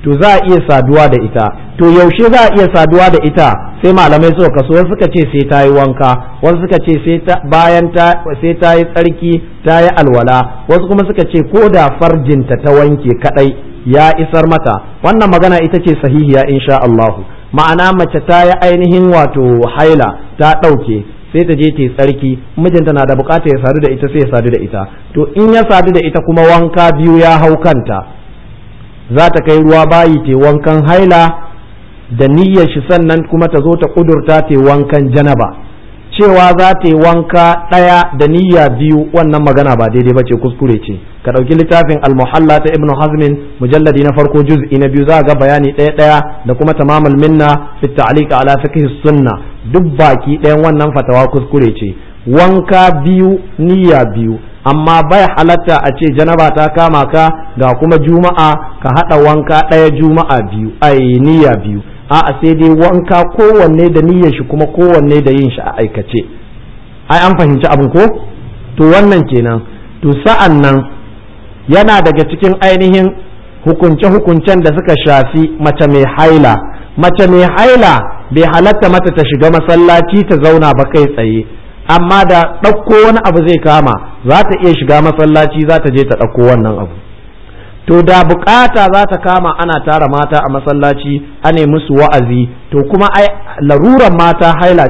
to za a iya saduwa da ita to yaushe za a iya saduwa da ita sai malamai suka kaso wasu suka ce sai ta wanka wasu suka ce sai bayan sai ta tsarki tayi alwala wasu kuma suka ce ko da farjinta ta wanke kadai ya isar mata wannan magana ita ce sahihiya insha Allahu ma'ana mace ta yi ainihin wato haila ta ɗauke sai ta je ta tsarki mijinta na da bukata ya sadu da ita sai ya sadu da ita to in ya sadu da ita kuma wanka biyu ya hau kanta za ta kai ruwa bayi ta wankan haila da niyyar shi sannan kuma ta zo ta kudurta ta wankan janaba cewa za ta yi wanka ɗaya da niyya biyu wannan magana ba daidai ba ce kuskure ce ka ɗauki littafin almuhalla ta ibnu hazmin mujalladi na farko juz'i na biyu za ga bayani ɗaya ɗaya da kuma tamamul minna fi ta'liq ala fiqh sunna duk baki ɗayan wannan fatawa kuskure ce wanka biyu niyya biyu amma bai halatta a ce janaba ta kama ka ga kuma juma'a ka haɗa wanka ɗaya juma'a biyu ai niyya biyu a'a sai dai wanka kowanne da niyyar shi kuma kowanne da yin shi a aikace ai an fahimci abin ko to wannan kenan to sa'an nan yana daga cikin ainihin hukunce-hukuncen da suka shafi mace mai haila mace mai haila bai halatta mata ta shiga masallaci ta zauna ba kai tsaye amma da ɗauko wani abu zai kama za ta iya shiga masallaci za ta je ta ɗauko wannan abu to da bukata za ta kama ana tara mata a masallaci ane musu wa'azi to kuma ai larurar mata haila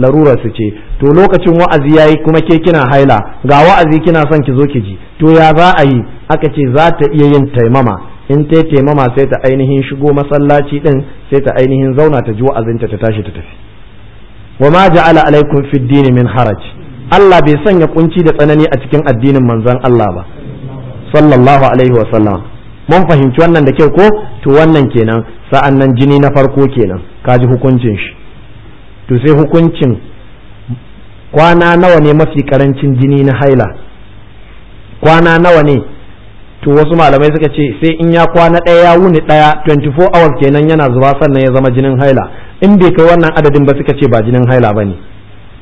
larurar su ce to lokacin wa'azi yayi kuma ke kina haila ga wa'azi kina son ki zo ki ji to ya za a yi aka ce za ta iya yin taimama in ta taimama sai ta ainihin shigo masallaci din sai ta ainihin zauna ta ji wa'azinta ta tashi ta tafi wa ma ja'ala alaikum fid min haraj Allah bai sanya kunci da tsanani a cikin addinin manzon Allah ba sallallahu alaihi wa sallam mun fahimci wannan da kyau ko to wannan kenan sa'an nan jini na farko kenan kaji hukuncin shi to sai hukuncin kwana nawa ne mafi karancin jini na haila kwana nawa ne to wasu malamai suka ce sai in ya kwana ɗaya ya wuni ɗaya 24 hours kenan yana zuba sannan ya zama jinin haila in bai kai wannan adadin ba suka ce ba jinin haila ba ne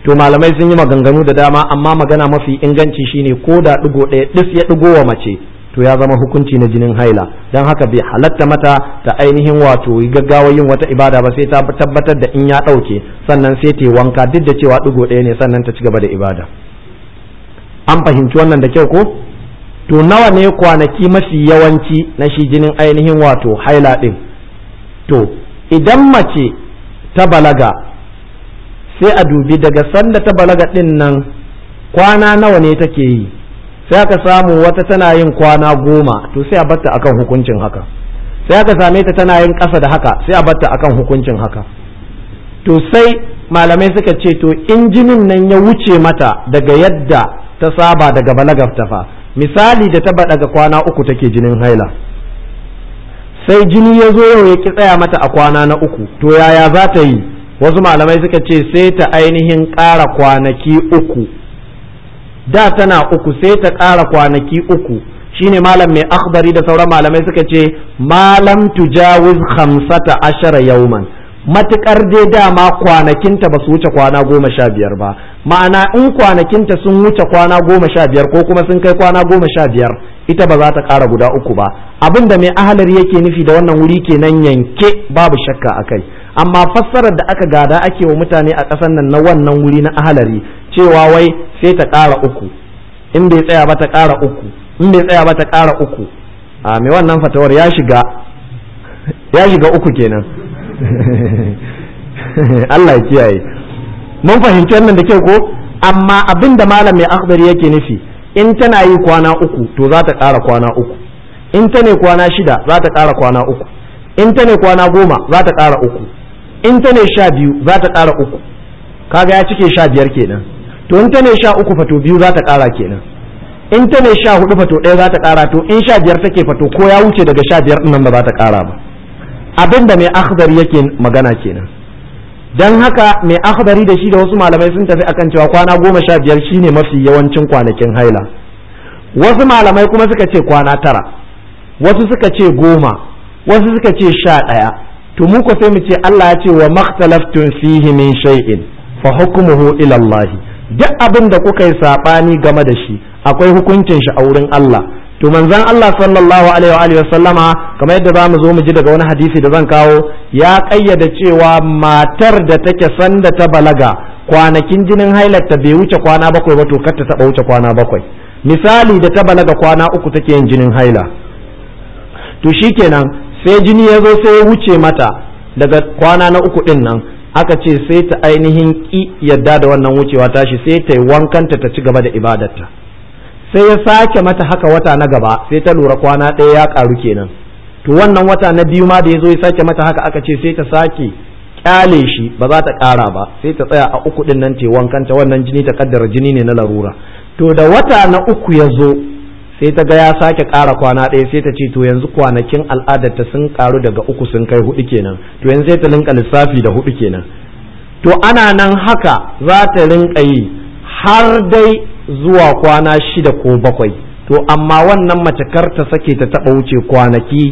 to malamai sun yi maganganu da dama amma magana mafi inganci shine ko da digo ɗaya dis ya digo wa mace to ya zama hukunci na jinin haila don haka bai halatta mata ta ainihin wato gaggawa yin wata ibada ba sai ta tabbatar da in ya ɗauke sannan sai ta wanka duk da cewa ɗigo ɗaya ne sannan ta ci gaba da ibada an fahimci wannan da kyau ko to nawa ne kwanaki mafi yawanci na shi jinin ainihin wato haila ɗin to idan mace ta balaga sai a dubi daga sanda ta balaga ɗin nan kwana nawa ne take yi sai aka samu wata tana yin kwana goma to sai a batta akan hukuncin haka sai aka same ta tana yin ƙasa da haka sai a batta akan hukuncin haka to sai malamai suka ce to in jinin nan ya wuce mata daga yadda ta saba daga ta fa misali da ta daga kwana uku take jinin haila sai jini ya zo yau ya ki tsaya mata a kwana na uku to yaya za ta yi wasu malamai suka ce sai ta ainihin ƙara kwanaki uku da tana uku sai ta ƙara kwanaki uku shine malam mai akhbari da sauran malamai suka ce malam tujawiz hamsata ashara yauman matukar dai dama kwanakinta ba su wuce kwana goma sha biyar ba ma'ana in kwanakinta sun wuce kwana goma sha biyar ko kuma sun kai kwana goma sha biyar ita ba za ta ƙara guda uku ba abinda mai ahalar yake nufi da wannan wuri kenan yanke babu shakka a kai amma fassarar da aka gada ake wa mutane a ƙasar nan na wannan wuri na ahalari cewa wai sai ta ƙara uku in bai tsaya ba ta ƙara uku in bai tsaya ba ta ƙara uku a mai wannan fatawar ya shiga ya shiga uku kenan [LAUGHS] Allah ya kiyaye mun fahimci wannan da kyau ko amma abin da malam mai akhdari yake nufi in tana yi kwana uku to za ta ƙara kwana uku in ta ne kwana shida za ta ƙara kwana uku in ta ne kwana goma za ta ƙara uku in ta ne sha biyu za ta ƙara uku kaga ya cike sha biyar kenan to in ta ne sha uku fato biyu za ta ƙara kenan in ta ne sha hudu fato ɗaya za ta ƙara to in sha biyar take fato ko ya wuce daga sha biyar nan ba za ta ƙara ba abin da mai akhdari yake magana kenan dan haka mai akhdari da shi da wasu malamai sun tafi akan cewa kwana goma sha biyar shine mafi yawancin kwanakin haila wasu malamai kuma suka ce kwana tara wasu suka ce goma wasu suka ce sha ɗaya to mu ko sai mu ce Allah ya ce wa makhtalaftun fihi min shay'in fa hukmuhu ila Allah duk abin da kuka yi sabani game da shi akwai hukuncin shi a wurin Allah to manzon Allah sallallahu alaihi wa sallama kamar yadda zamu zo mu ji daga wani hadisi da zan kawo ya kayyada cewa matar da take sanda ta balaga kwanakin jinin hailarta bai wuce kwana bakwai ba to kar ta taba wuce kwana bakwai misali da ta balaga kwana uku take yin jinin haila to shikenan sai jini ya zo sai ya wuce mata daga kwana na uku din nan aka ce sai ta ainihin ki yadda da wannan wucewa tashi sai ta yi wankanta ta ci gaba da ibadarta sai ya sake mata haka wata na gaba sai ta lura kwana ɗaya ya ƙaru kenan to wannan wata na biyu ma da ya zo ya sake mata haka aka ce sai ta sake kyale shi ba za ta ƙara ba sai ta tsaya a uku din nan ta wankanta wannan jini ta kaddara jini ne na larura to da wata na uku ya zo sai ta ga ya sake ƙara kwana ɗaya sai ta ce to yanzu kwanakin al'adar ta sun ƙaru daga uku sun kai hudu kenan to yanzu sai ta linka lissafi da hudu kenan to ana nan haka za ta rinka yi har dai zuwa kwana shida ko bakwai to amma wannan mace kar ta sake ta taɓa wuce kwanaki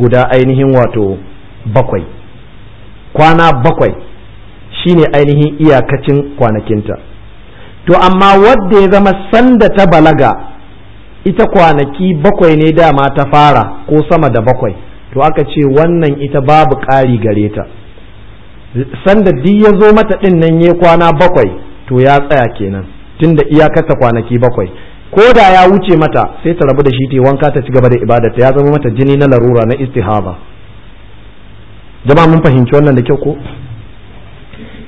guda ainihin wato bakwai kwana bakwai shine ainihin iyakacin kwanakinta to amma wadda ya zama sanda ta balaga ita kwanaki bakwai ne dama ta fara ko sama da bakwai to aka ce wannan ita babu ƙari gare ta sanda duk ya zo mata ɗin nan ya kwana bakwai to ya tsaya kenan tunda iyakarta kwanaki bakwai ko da ya wuce mata sai ta rabu da shi ta wanka ta ci gaba da ibadata ya zama mata jini na larura na istihaba jama'a mun fahimci wannan da kyau ko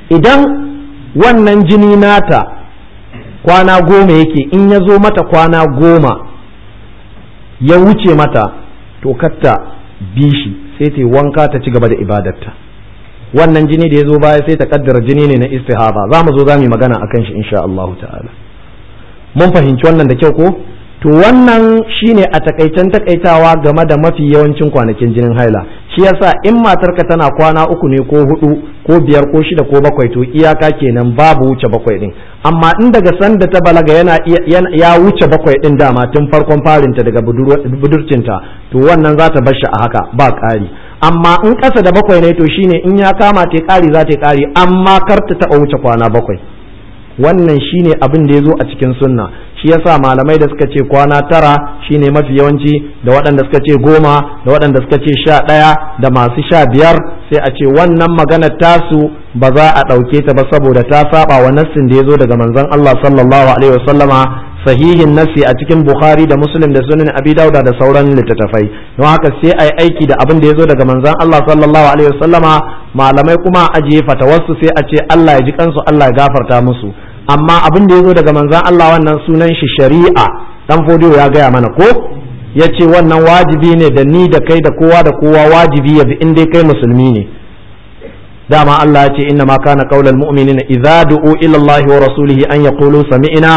idan wannan jini nata kwana goma yake in ya zo mata kwana goma ya wuce mata to katta bishi sai ta wanka ta ci gaba da ibadarta wannan jini da ya zo baya sai ta kaddara jini ne na istihaba za mu zo za mu yi magana akan shi insha Allah ta'ala mun fahimci wannan da kyau ko to wannan shine a takaicen takaitawa game da mafi yawancin kwanakin jinin haila shi yasa in matarka tana kwana uku ne ko hudu ko biyar ko shida ko bakwai to iyaka kenan babu wuce bakwai din amma in daga sanda ta balaga yana ya wuce bakwai din dama tun farkon farinta daga budurcinta to wannan za ta bar shi a haka ba ƙari amma in ƙasa da bakwai ne to shine in ya kama ta ƙari za ta ƙari amma kar ta taɓa wuce kwana bakwai wannan shine abin da ya zo a cikin sunna shi yasa malamai da suka ce kwana tara shine mafi yawanci da waɗanda suka ce goma da waɗanda suka ce sha ɗaya da masu sha biyar sai a ce wannan maganar tasu ba za a ɗauke ta ba saboda ta saɓa wa nassin da ya zo daga manzon Allah sallallahu alaihi wasallama sahihin nassi a cikin Bukhari da Muslim da Sunan Abi Dauda da sauran littattafai don haka sai ai aiki da abin da ya zo daga manzon Allah sallallahu alaihi wasallama malamai kuma a ajiye tawassu sai a ce Allah ya ji kansu Allah ya gafarta musu amma abin da ya zo daga manzan Allah wannan sunan shi shari'a dan fodiyo ya gaya mana ko ya ce wannan wajibi ne da ni da kai da kowa da kowa wajibi ya bi in dai kai musulmi ne dama Allah ya ce inna ma kana qaulal mu'minina na du'u ila Allah wa rasulihi an yaqulu sami'na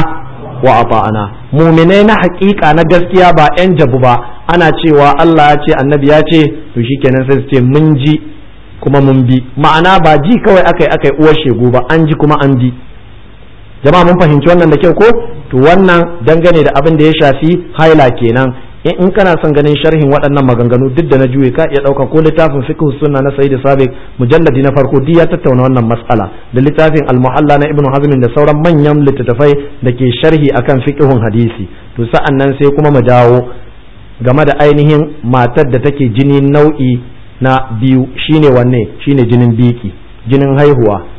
wa ata'ana mu'minai na haƙiƙa na gaskiya ba yan jabu ba ana cewa Allah ya ce annabi ya ce to shikenan sai su ce mun ji kuma mun bi ma'ana ba ji kawai akai akai uwar shegu ba an ji kuma an bi jama'a mun fahimci wannan da kyau ko to wannan dangane da abin da ya shafi haila kenan in kana son ganin sharhin waɗannan maganganu duk da na juye ka iya ɗauka ko littafin fiqh sunna na sayyid sabiq mujalladi na farko duk ya tattauna wannan mas'ala da littafin al na ibnu hazmin da sauran manyan littattafai da ke sharhi akan fiqhun hadisi to sa'an nan sai kuma mu dawo game da ainihin matar da take jini nau'i na biyu shine wanne shine jinin biki jinin haihuwa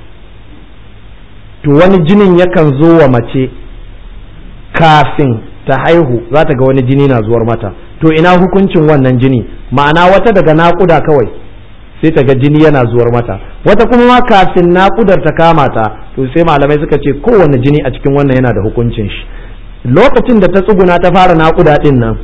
to wani jinin yakan zo wa mace kafin ta haihu za ta ga wani jini na zuwar mata to ina hukuncin wannan jini ma'ana wata daga naƙuda kawai sai ta ga jini yana zuwar mata wata kuma ma kafin naƙudar ta kama ta to sai malamai suka ce kowane jini a cikin wannan yana da hukuncin shi lokacin da ta tsuguna ta fara naƙuda ɗin nan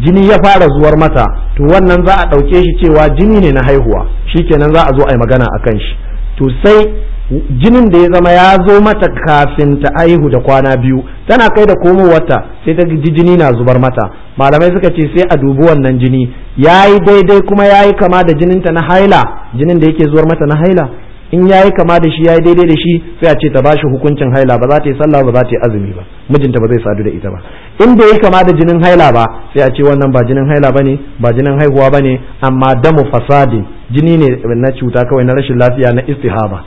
jini ya fara zuwar mata to wannan za a ɗauke shi cewa jini ne na haihuwa shi shikenan za a zo a yi magana a kan shi to sai jinin da ya zama ya zo mata kafin ta aihu da kwana biyu tana kai da komowarta sai ta ji jini na zubar mata malamai suka ce sai a dubi wannan jini ya yi daidai kuma ya yi kama da jininta na haila jinin da yake zuwar mata na haila in ya yi kama da shi ya yi daidai da shi sai a ce ta bashi hukuncin haila ba za ta yi sallah ba za ta yi azumi ba mijinta ba zai sadu da ita ba in bai yi kama da jinin haila ba sai a ce wannan ba jinin haila bane ba jinin haihuwa bane amma damu fasadin jini ne na cuta kawai na rashin lafiya na istihaba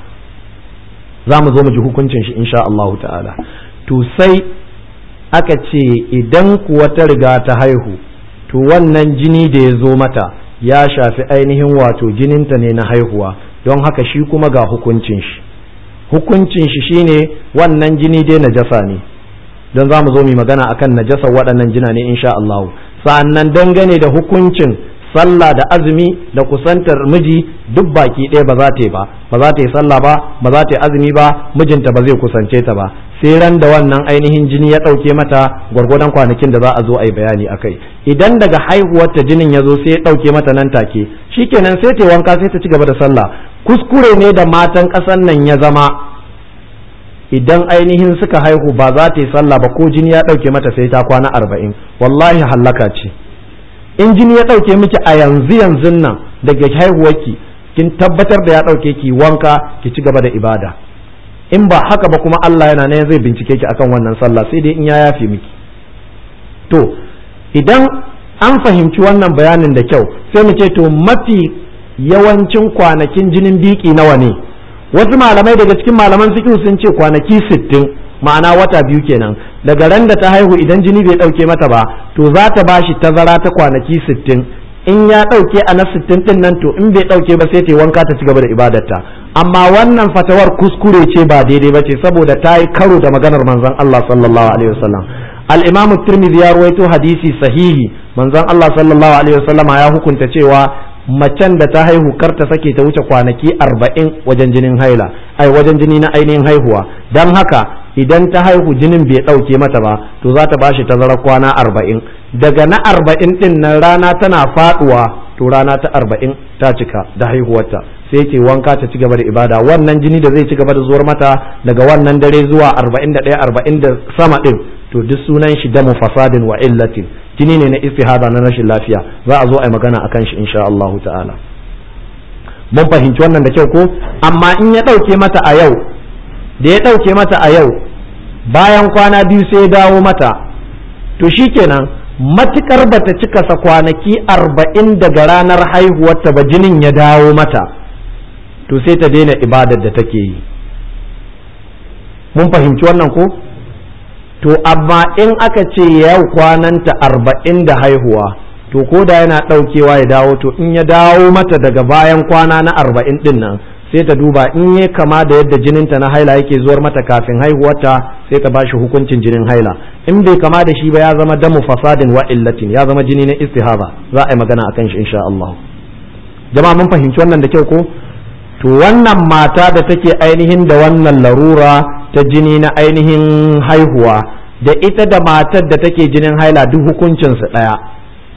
za mu zo mu ji hukuncin shi insha Allahu ta'ala to sai aka ce idan kuwa ta riga ta haihu to wannan jini da ya zo mata ya shafi ainihin wato ta ne na haihuwa don haka shi kuma ga hukuncin shi hukuncin shi shine wannan jini dai najasa ne don za mu zo mu magana akan najasa waɗannan jina ne insha Allah sa'annan dangane da hukuncin sallah da azumi da kusantar miji duk baki ɗaya ba za ta yi ba ba za ta yi sallah ba ba za ta yi azumi ba mijinta ba zai kusance ta ba sai ran da wannan ainihin jini ya ɗauke mata gwargwadon kwanakin da za a zo a yi bayani a kai idan daga haihuwarta jinin ya zo sai ya ɗauke mata nan take shikenan sai ta wanka sai ta ci gaba da sallah kuskure ne da matan ƙasan nan ya zama idan ainihin suka haihu ba za ta yi sallah ba ko jini ya ɗauke mata sai ta kwana arba'in wallahi hallaka ce in jini ya ɗauke miki a yanzu yanzun nan daga haihuwarki kin tabbatar da ya ɗauke ki wanka ki ci gaba da ibada in ba haka ba kuma Allah yana ne zai bincike ki akan wannan sallah sai dai in ya yafe miki to idan an fahimci wannan bayanin da kyau sai mu ce to mafi yawancin kwanakin jinin biki nawa ne wasu malamai daga cikin malaman fiqh sun ce kwanaki sittin ma'ana wata biyu kenan daga ran da ta haihu idan jini bai ɗauke mata ba to za ta bashi tazara ta kwanaki sittin in ya ɗauke a na sittin din nan to in bai ɗauke ba sai ta wanka ta cigaba da ibadarta amma wannan fatawar kuskure ce ba daidai ba ce saboda ta yi karo da maganar manzon Allah sallallahu alaihi wasallam al-imamu tirmidhi ya ruwaito hadisi sahihi manzon Allah sallallahu alaihi wasallam ya hukunta cewa macen da ta haihu kar ta sake ta wuce kwanaki arba'in wajen jinin haila ai wajen jini na ainihin haihuwa dan haka idan ta haihu jinin bai ɗauke mata ba to za ta bashi tazarar kwana arba'in daga na arba'in ɗin nan rana tana faɗuwa to rana ta arba'in ta cika da haihuwarta sai ke wanka ta cigaba da ibada wannan jini da zai ci gaba da zuwar mata daga wannan dare zuwa arba'in da ɗaya arba'in da sama ɗin to duk sunan shi damu fasadin wa illatin jini ne na istihada na rashin lafiya za a zo a yi magana a kan shi insha Allahu ta'ala mun fahimci wannan da kyau ko amma in ya ɗauke mata a yau da ya ɗauke mata a yau bayan kwana biyu sai ya dawo mata to shi shikenan matukar bata sa kwanaki arba'in daga ranar haihuwarta ba jinin ya dawo mata to sai ta daina ibadar da take yi mun fahimci wannan ko to amma in aka ce yau kwananta arba'in da haihuwa to ko da yana ɗaukewa ya dawo to in ya dawo mata daga bayan kwana na arba'in ɗin nan sai ta duba in ya kama da yadda jininta na haila yake zuwar mata kafin haihuwarta sai ta bashi hukuncin jinin haila in bai kama da shi ba ya zama damu fasadin wa illatin ya zama jini na istihaba za a yi magana akan shi insha Allah jama'a mun fahimci wannan da kyau ko to wannan mata da take ainihin da wannan larura ta jini na ainihin haihuwa da ita da matar da take jinin haila duk hukuncin su daya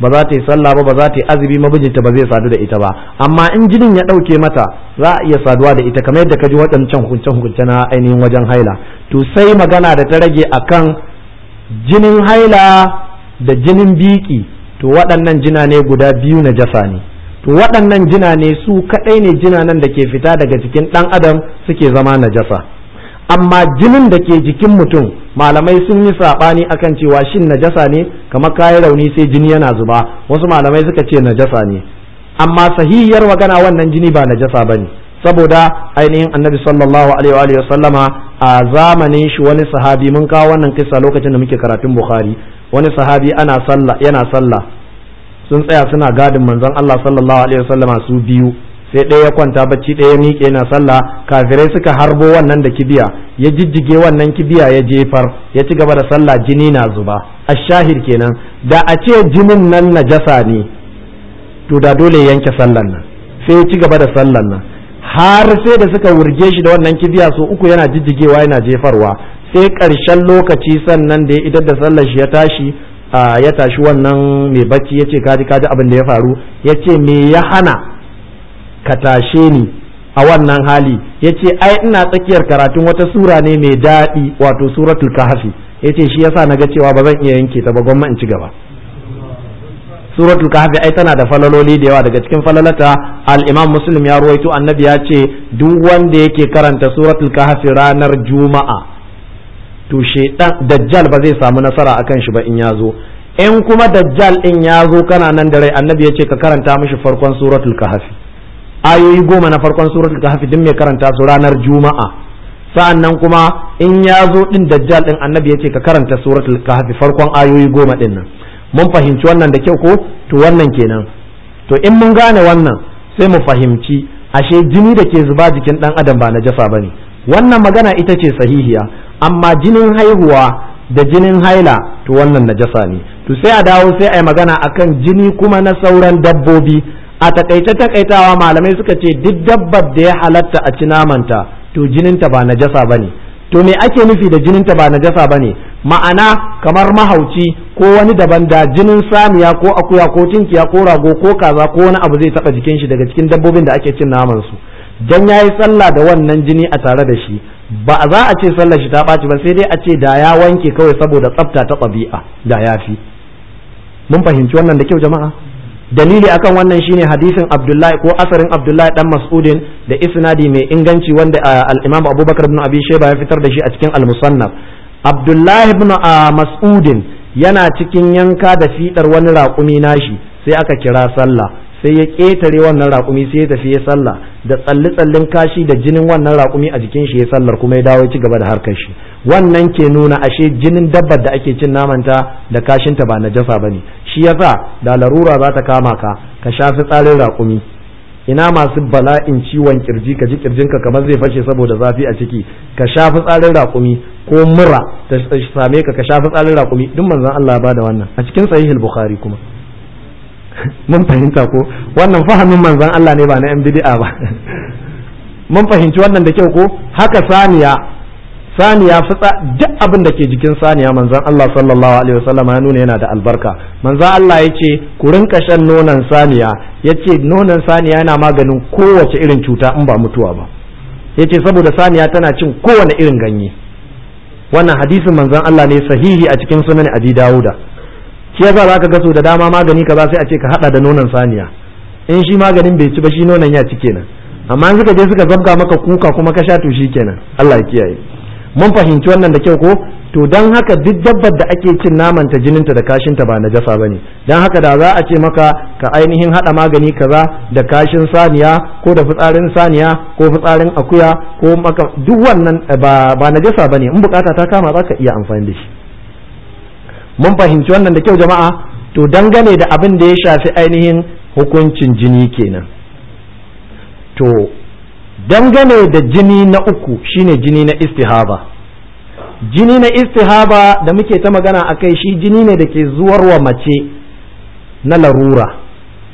ba za ta yi sallah ba ba za ta yi azumi mabijinta ba zai sadu da ita ba amma in jinin ya ɗauke mata za a iya saduwa da ita kamar yadda ka ji waɗancan hukunce hukunce na ainihin wajen haila to sai magana da ta rage akan jinin haila da jinin biki to waɗannan jina ne guda biyu na jasa ne to waɗannan jina ne su kaɗai ne jina nan da ke fita daga jikin ɗan adam suke zama na jasa. amma jinin da ke jikin mutum malamai sun yi saɓani akan cewa shin najasa ne kamar kayan rauni sai jini yana zuba wasu malamai suka ce najasa ne amma sahihiyar magana wannan jini ba najasa ba ne saboda ainihin annabi sallallahu alaihi wa sallama a zamanin shi wani sahabi mun kawo wannan kisa lokacin da muke karatun bukhari wani sahabi ana sallah yana sallah sun tsaya suna gadin manzon Allah sallallahu alaihi wa sallama su biyu sai ɗaya ya kwanta bacci ɗaya ya miƙe na sallah kafirai suka harbo wannan da kibiya ya jijjige wannan kibiya ya jefar ya ci gaba da sallah jini na zuba shahir kenan da a ce jinin nan najasa ne to da dole ya yanke sallan nan sai ya ci gaba da sallan nan har sai da suka wurge shi da wannan kibiya so uku yana jijjigewa yana jefarwa sai karshen lokaci sannan da ya idar da sallar shi ya tashi ya tashi wannan mai bacci ya ce kaji kaji abin da ya faru ya ce me ya hana ka tashe ni a wannan hali ya ce ai ina tsakiyar karatun wata sura ne mai daɗi wato suratul kahfi ce shi yasa ga cewa ba zan iya yanke ta ba gwamma in ci gaba suratul kahfi ai tana da falaloli da yawa daga cikin falalata al-imam muslim ya ruwaito annabi ya ce duk wanda yake karanta suratul kahfi ranar juma'a to dajjal ba zai samu nasara akan shi ba in ya zo in kuma dajjal in ya zo kana nan da rai annabi ya ce ka karanta mishi farkon suratul kahfi ayoyi goma na farkon suratul kahfi duk mai karanta su ranar juma'a sa'an nan kuma in ya zo din dajjal din annabi ya ce ka karanta suratul kahfi farkon ayoyi goma din nan mun fahimci wannan da kyau ko to wannan kenan to in mun gane wannan sai mu fahimci ashe jini da ke zuba jikin dan adam ba ne bane wannan magana ita ce sahihiya amma jinin haihuwa da jinin haila to wannan najasa ne to sai a dawo sai a yi magana akan jini kuma na sauran dabbobi a takaice takaitawa malamai suka ce duk dabbar da ya halatta a ci namanta to jininta ba najasa bane to me ake nufi da jininta ba na jasa bane ma'ana kamar mahauci ko wani daban da jinin samiya ko akuya ko tinkiya ko rago ko kaza ko wani abu zai taba jikin shi daga cikin dabbobin da ake cin naman su dan yayi sallah da wannan jini a tare da shi ba za a ce sallar shi ta baci ba sai dai a ce da ya wanke kawai saboda tsafta ta ɗabi'a da ya fi mun fahimci wannan da kyau jama'a dalili akan wannan shine hadisin abdullahi ko asarin abdullahi dan mas'udin da isnadi mai inganci wanda uh, al-imam abubakar ibn abi shayba ya fitar da shi a cikin al-musannaf abdullahi ibn uh, mas'udin yana cikin yanka da fidar wani raƙumi nashi sai aka kira sallah sai ya ƙetare wannan raƙumi sai ya tafi ya sallah da tsalle-tsallen kashi da jinin wannan raƙumi a jikin shi ya sallar kuma ya dawo ci gaba da harkar shi wannan ke nuna ashe jinin dabbar da ake cin namanta da kashinta ba na ba ne shi ya sa da larura za ta kama ka ka shafi tsarin raƙumi ina masu bala'in ciwon kirji ka ji kirjinka kamar zai fashe saboda zafi a ciki ka shafi tsarin raƙumi ko mura ta same ka ka shafi tsarin raƙumi duk manzon Allah ba da wannan a cikin sahihul bukhari kuma [LAUGHS] mun fahimta ko wannan fahimin manzon Allah ne ba na yan bid'a ba [LAUGHS] mun fahimci wannan da kyau ko haka saniya saniya fitsa duk abin da ke jikin saniya manzan Allah sallallahu alaihi wasallam ya nuna yana da albarka manzan Allah ya ce ku rinka shan nonon saniya ya ce nonon saniya yana maganin kowace irin cuta in ba mutuwa ba ya ce saboda saniya tana cin kowane irin ganye wannan hadisin manzan Allah ne sahihi a cikin sunan abi dawuda shi yasa zaka ga gasu da dama magani ka za sai a ce ka hada da nonon saniya in shi maganin bai ci ba shi nonon ya ci kenan amma in suka je suka zabga maka kuka kuma ka sha to kenan Allah ya kiyaye mun fahimci wannan da kyau ko to don haka duk dabbar da ake cin naman ta jininta da kashinta ba najasa ba ne don haka da za a ce maka ka ainihin hada magani kaza da kashin saniya ko da fitsarin saniya ko fitsarin akuya ko maka duk wannan eh, ba najasa ba ne in bukata ta kama za ka iya amfani da shi mun fahimci wannan da kyau jama'a to dangane da abin da ya shafi ainihin hukuncin jini kenan to dangane da jini na uku shine jini na istihaba jini na istihaba da muke ta magana a kai shi jini ne da ke zuwarwa mace na larura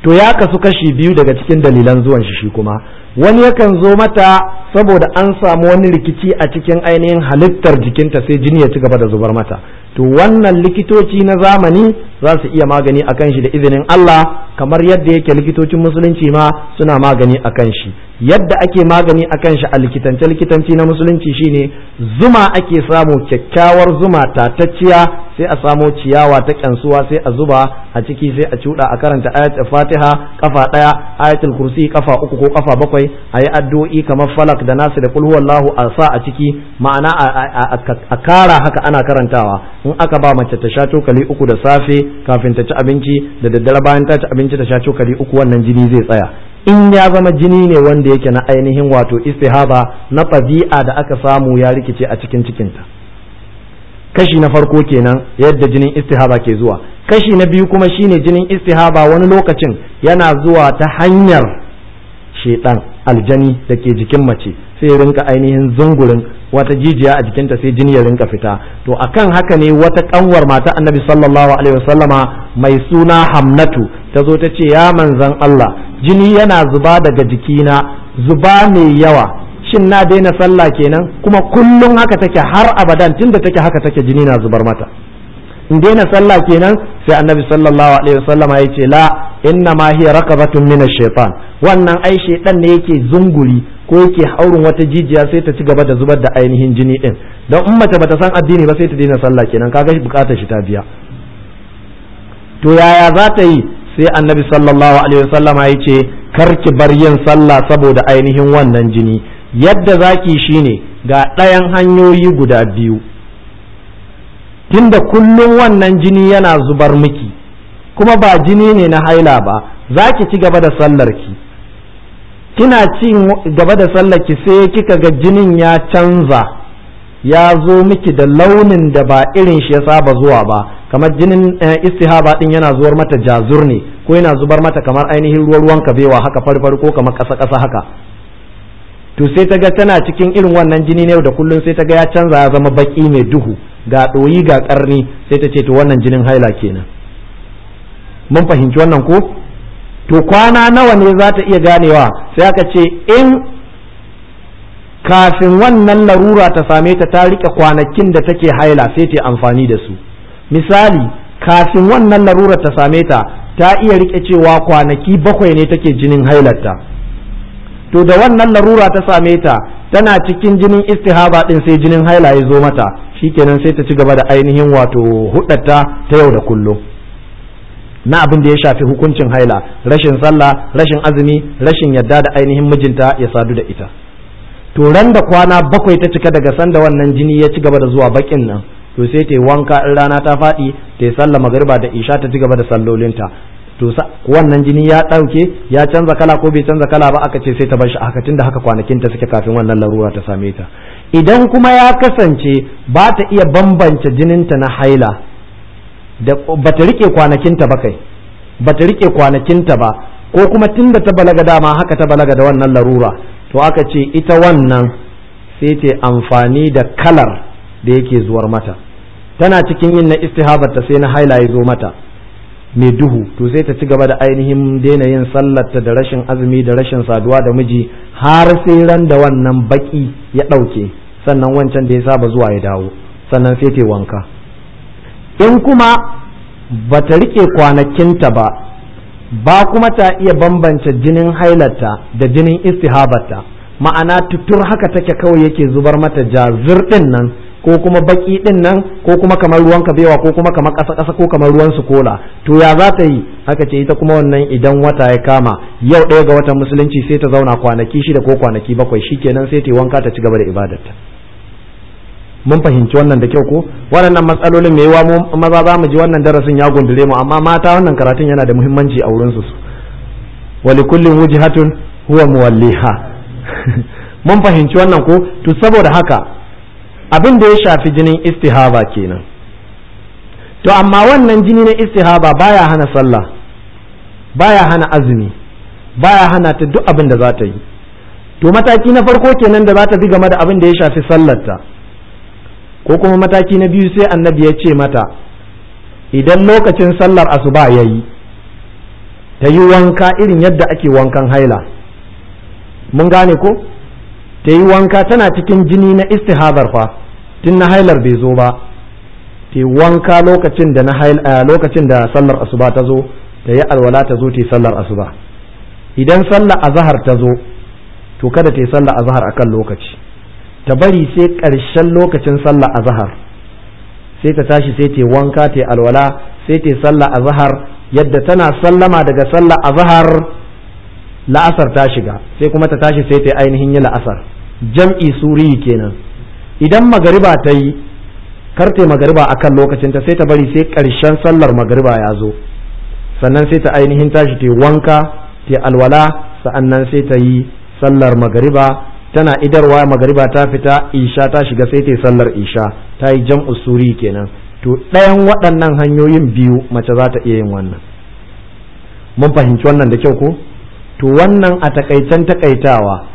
to ya kasu kashi biyu daga cikin dalilan zuwan shi shi kuma wani yakan zo mata saboda an samu wani rikici a cikin ainihin halittar jikinta sai jini ya ci gaba da zubar mata to wannan likitoci na zamani za su iya magani akan shi da izinin Allah kamar yadda yake likitocin musulunci ma suna magani akan shi yadda ake magani akan shi a likitance likitanci na musulunci shine zuma ake samu kyakkyawar zuma tatacciya sai a samo ciyawa ta kyansuwa sai a zuba a ciki sai a cuda a karanta ayatul fatiha kafa daya ayatul kursi kafa uku ko kafa bakwai ayi addu'o'i kamar falak da nasu da kul huwallahu a sa a ciki ma'ana a kara haka ana karantawa in aka ba mace ta sha cokali uku da safe kafin ta ci abinci da daddare bayan ta ci abinci ta sha cokali uku wannan jini zai tsaya in ya zama jini ne wanda yake na ainihin wato istihaba na bazi'a da aka samu ya rikice a cikin cikinta kashi na farko kenan yadda jinin istihaba ke zuwa kashi na biyu kuma shine jinin istihaba wani lokacin yana zuwa ta hanyar Sheɗan aljani da ke jikin mace sai rinka ainihin zungurin wata jijiya a jikinta sai jini ya rinka fita to akan haka ne wata kanwar mata annabi sallallahu alaihi wasallama mai suna hamnatu ta zo ta ce ya manzan Allah jini yana zuba daga jikina zuba mai yawa shin na daina sallah kenan kuma kullum haka take har abadan tunda take haka take jini na zubar mata in daina sallah kenan sai annabi sallallahu alaihi wasallama ya ce la inna ma hiya raqabatun min ash-shaytan wannan ai shaytan ne yake zunguri ko yake haurin wata jijiya sai ta ci gaba da zubar da ainihin jini din don in bata san addini ba sai ta daina sallah kenan kaga bukatar shi ta biya to yaya za ta yi sai annabi sallallahu alaihi wasallam ya ce kar ki bar yin sallah saboda ainihin wannan jini yadda zaki shine ga ɗayan hanyoyi guda biyu tunda kullun wannan jini yana zubar miki kuma ba jini ne na haila ba za ki ci gaba da ki? kina ci gaba da ki sai kika ga jinin ya canza ya zo miki da launin da ba irin shi ya saba zuwa ba kamar jinin eh, istihaba din yana zuwar mata jazur ne ko yana zubar mata kamar ainihin ruwan ruwan kabewa haka farfar ko kamar kasa kasa haka to sai ta ga tana cikin irin wannan jini ne da kullun sai ta ga ya canza ya zama baki mai duhu ga ɗoyi ga ƙarni sai ta ce to wannan jinin haila kenan mun fahimci wannan ko to kwana nawa ne za ta iya ganewa sai aka ce in kafin wannan larura ta same ta ta rike kwanakin da take haila sai ta amfani da su misali kafin wannan larura ta same ta ta iya rike cewa kwanaki bakwai ne take jinin hailarta to da wannan larura ta same ta tana cikin jinin istihaba din sai jinin haila ya zo mata shikenan sai ta ci gaba da ainihin wato hudatta ta yau da kullum na abin da ya shafi hukuncin haila rashin sallah rashin azumi rashin yadda da ainihin mijinta ya sadu da ita to ran da kwana bakwai ta cika daga sanda wannan jini ya ci gaba da zuwa bakin nan to sai ta wanka in rana ta faɗi ta yi sallah magariba da isha ta ci gaba da sallolinta to wannan jini ya ɗauke ya canza kala ko bai canza kala ba aka ce sai ta bar shi a haka tunda haka kwanakin ta suke kafin wannan larura ta same ta idan kuma ya kasance ba ta iya bambance jininta na haila da bata rike kwanakinta ba kai bata rike kwanakinta ba ko kuma tunda ta balaga dama haka ta balaga da wannan larura to aka ce ita wannan sai ta amfani da kalar da yake zuwar mata tana cikin yin na istihabarta sai na haila ya zo mata mai duhu to sai ta ci gaba da ainihin daina yin sallarta da rashin azumi da rashin saduwa da miji har sai ran da wannan baki ya ɗauke sannan wancan da ya saba zuwa ya dawo sannan sai ta wanka in kuma ba ta riƙe kwanakinta ba ba kuma ta iya bambance jinin hailarta da jinin istihabarta ma'ana tutur haka take kawai yake zubar mata jazir din nan ko kuma baki din nan ko kuma kamar ruwan kabewa ko kuma kamar ƙasa ƙasa ko kamar ruwan su kola to ya za ta yi haka ce ita kuma wannan idan wata ya kama yau ɗaya ga watan musulunci sai ta zauna kwanaki shida ko kwanaki bakwai shi shikenan sai ta yi wanka ta ci gaba da ibadarta mun fahimci wannan da kyau ko waɗannan matsalolin mai yawa maza za mu ji wannan darasin ya gundure mu amma mata wannan karatun yana da muhimmanci a wurin su wali kullin wujihatun huwa muwalliha [LAUGHS] mun fahimci wannan ko to saboda haka abin da ya shafi jinin istihaba kenan to amma wannan jini na istihaba baya hana sallah baya hana azumi baya hana ta duk abin da za ta yi to mataki na farko kenan da za ta bi game da abin da ya shafi sallarta ko kuma mataki na biyu sai annabi ya ce mata idan lokacin sallar asuba ya yi ta yi wanka irin yadda ake wankan haila mun gane ko ta yi wanka tana cikin jini na istihadar fa tun na hailar bai zo ba ta yi wanka lokacin da na lokacin da sallar asuba ta zo ta yi alwala ta zo ta yi sallar asuba idan sallar azahar ta zo to kada ta yi sallar azahar akan lokaci ta bari sai ƙarshen lokacin sallah azhar sai ta tashi sai ta wanka ta alwala sai ta sallah azhar yadda tana sallama daga sallah zahar la'asar ta shiga sai kuma ta tashi sai ta ainihin yi la'asar jam'i suriyi kenan idan magariba ta yi karte magariba akan lokacin ta sai ta bari sai ƙarshen sallar magariba ya zo sannan sai ta ainihin tashi ta wanka ta alwala sa'annan sai ta yi sallar magariba tana idarwa magariba ta fita isha ta shiga sai ta sallar isha ta yi jam'u 'usuri kenan to ɗayan waɗannan hanyoyin biyu mace za ta iya yin wannan mun fahimci wannan da kyau ko to wannan a takaicen takaitawa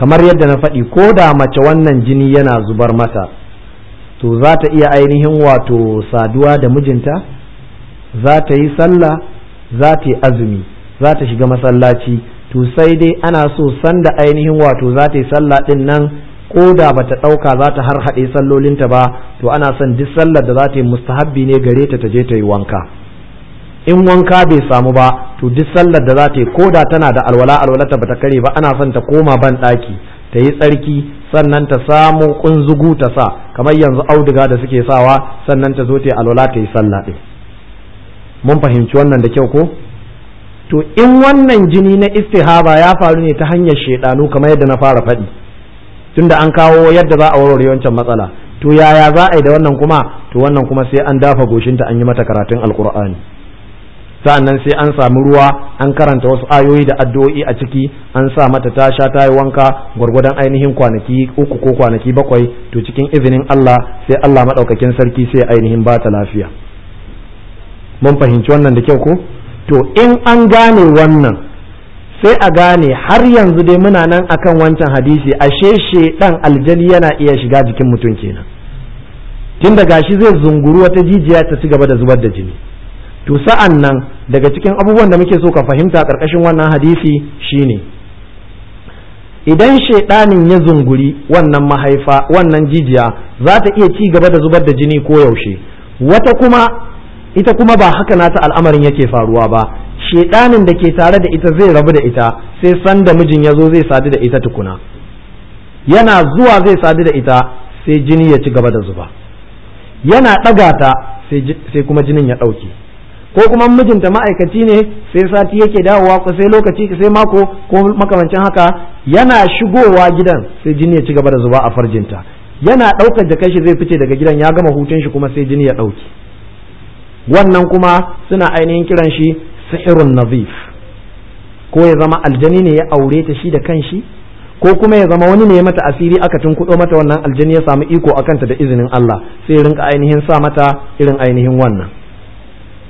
kamar yadda na faɗi ko da mace wannan jini yana zubar mata to za ta iya ainihin wato saduwa da mijinta za ta yi sallah za ta yi azumi za ta shiga masallaci to sai dai ana so sanda ainihin wato za ta yi sallah din nan ko da ba ta ɗauka za ta har haɗe sallolinta ba to ana son duk sallar da za ta yi mustahabbi ne gare ta ta je ta yi wanka in wanka bai samu ba to duk sallar da za ta yi ko da tana da alwala alwalata ba ta kare ba ana son ta koma ban ɗaki ta yi tsarki sannan ta samu kunzugu ta sa kamar yanzu auduga da suke sawa sannan ta zo ta yi alwala ta yi sallah ɗin mun fahimci wannan da kyau ko to in wannan jini na istihaba ya faru ne ta hanyar shaidanu kamar yadda na fara faɗi tunda an kawo yadda za a warware wancan matsala to yaya za a yi da wannan kuma to wannan kuma sai an dafa goshinta an yi mata karatun alkur'ani sa'annan sai an samu ruwa an karanta wasu ayoyi da addu'o'i a ciki an sa mata ta sha ta yi wanka gwargwadon ainihin kwanaki uku ko kwanaki bakwai to cikin izinin Allah sai Allah madaukakin sarki sai ainihin ba ta lafiya mun fahimci wannan da kyau ko to in an gane wannan sai a gane har yanzu dai muna nan akan wancan hadisi ashe dan aljali yana iya shiga jikin mutum kenan tun daga gashi zai zunguru wata jijiya ta ci gaba da zubar da jini to sa'an nan daga cikin abubuwan da muke so ka fahimta a ƙarƙashin wannan hadisi shine idan shaidanin ya zunguri wannan mahaifa wannan jijiya za ta iya ci gaba da zubar da jini ko yaushe wata kuma ita kuma ba haka nata al'amarin yake faruwa ba shedanin da ke tare da ita zai rabu da ita sai san da mijin ya zo zai sadu da ita tukuna yana zuwa zai sadu da ita sai jini ya ci gaba da zuba yana ɗaga ta sai kuma jinin ya ɗauke ko kuma mijinta ma'aikaci ne sai sati yake dawowa ko sai lokaci sai mako ko makamancin haka yana shigowa gidan sai jini ya ci gaba da zuba a farjinta yana ɗaukar jakar shi zai fice daga gidan ya gama hutun shi kuma sai jini ya ɗauke wannan kuma suna ainihin kiran shi sihirun nazif ko ya zama aljani ne ya aure ta shi da kanshi ko kuma ya zama wani ne ya mata asiri aka tunkuɗo mata wannan aljani ya samu iko a kanta da izinin Allah sai rinka ainihin sa mata irin ainihin wannan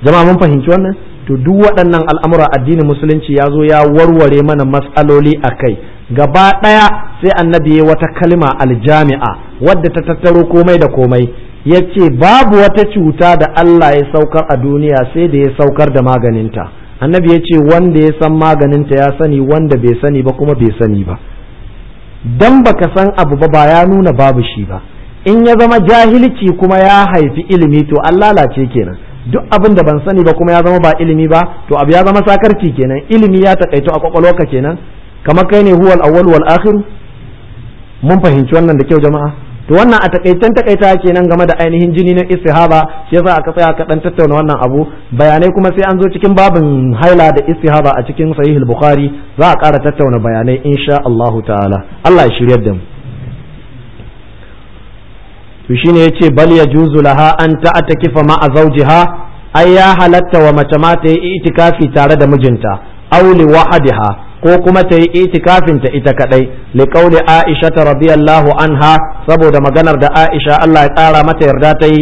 jama'a mun fahimci wannan to duk waɗannan al'amura addinin musulunci ya zo ya warware mana matsaloli a kai gaba ɗaya sai annabi ya wata kalima aljami'a wadda ta tattaro komai da komai ya ce babu wata cuta da Allah ya saukar a duniya sai da ya saukar da maganinta annabi ya ce wanda ya san maganinta ya sani wanda bai sani ba kuma bai sani ba dan baka san abu ba ba ya nuna babu shi ba in ya zama jahilci kuma ya haifi ilimi to an lalace kenan duk abin da ban sani ba kuma ya zama ba ilimi ba to abu ya zama sakarci kenan ilimi ya takaito a kwakwalwarka kenan kamar kai ne huwal awwal wal akhir mun fahimci wannan da kyau jama'a to wannan a takaitan takaita nan game da ainihin jini na istihaba shi yasa aka tsaya aka dan tattauna wannan abu bayanai kuma sai an zo cikin babin haila da istihaba a cikin sahih al-bukhari za a ƙara tattauna bayanai insha Allah ta'ala Allah ya shiryar da mu to shine yace bal yajuzu laha an ta'takifa ma'a zawjiha ai ya halatta wa mace ma ta yi itikafi tare da mijinta aw li wahadiha ko kuma ta yi itikafinta ita kadai li qauli aisha radiyallahu anha saboda maganar da aisha Allah ya kara mata yarda ta yi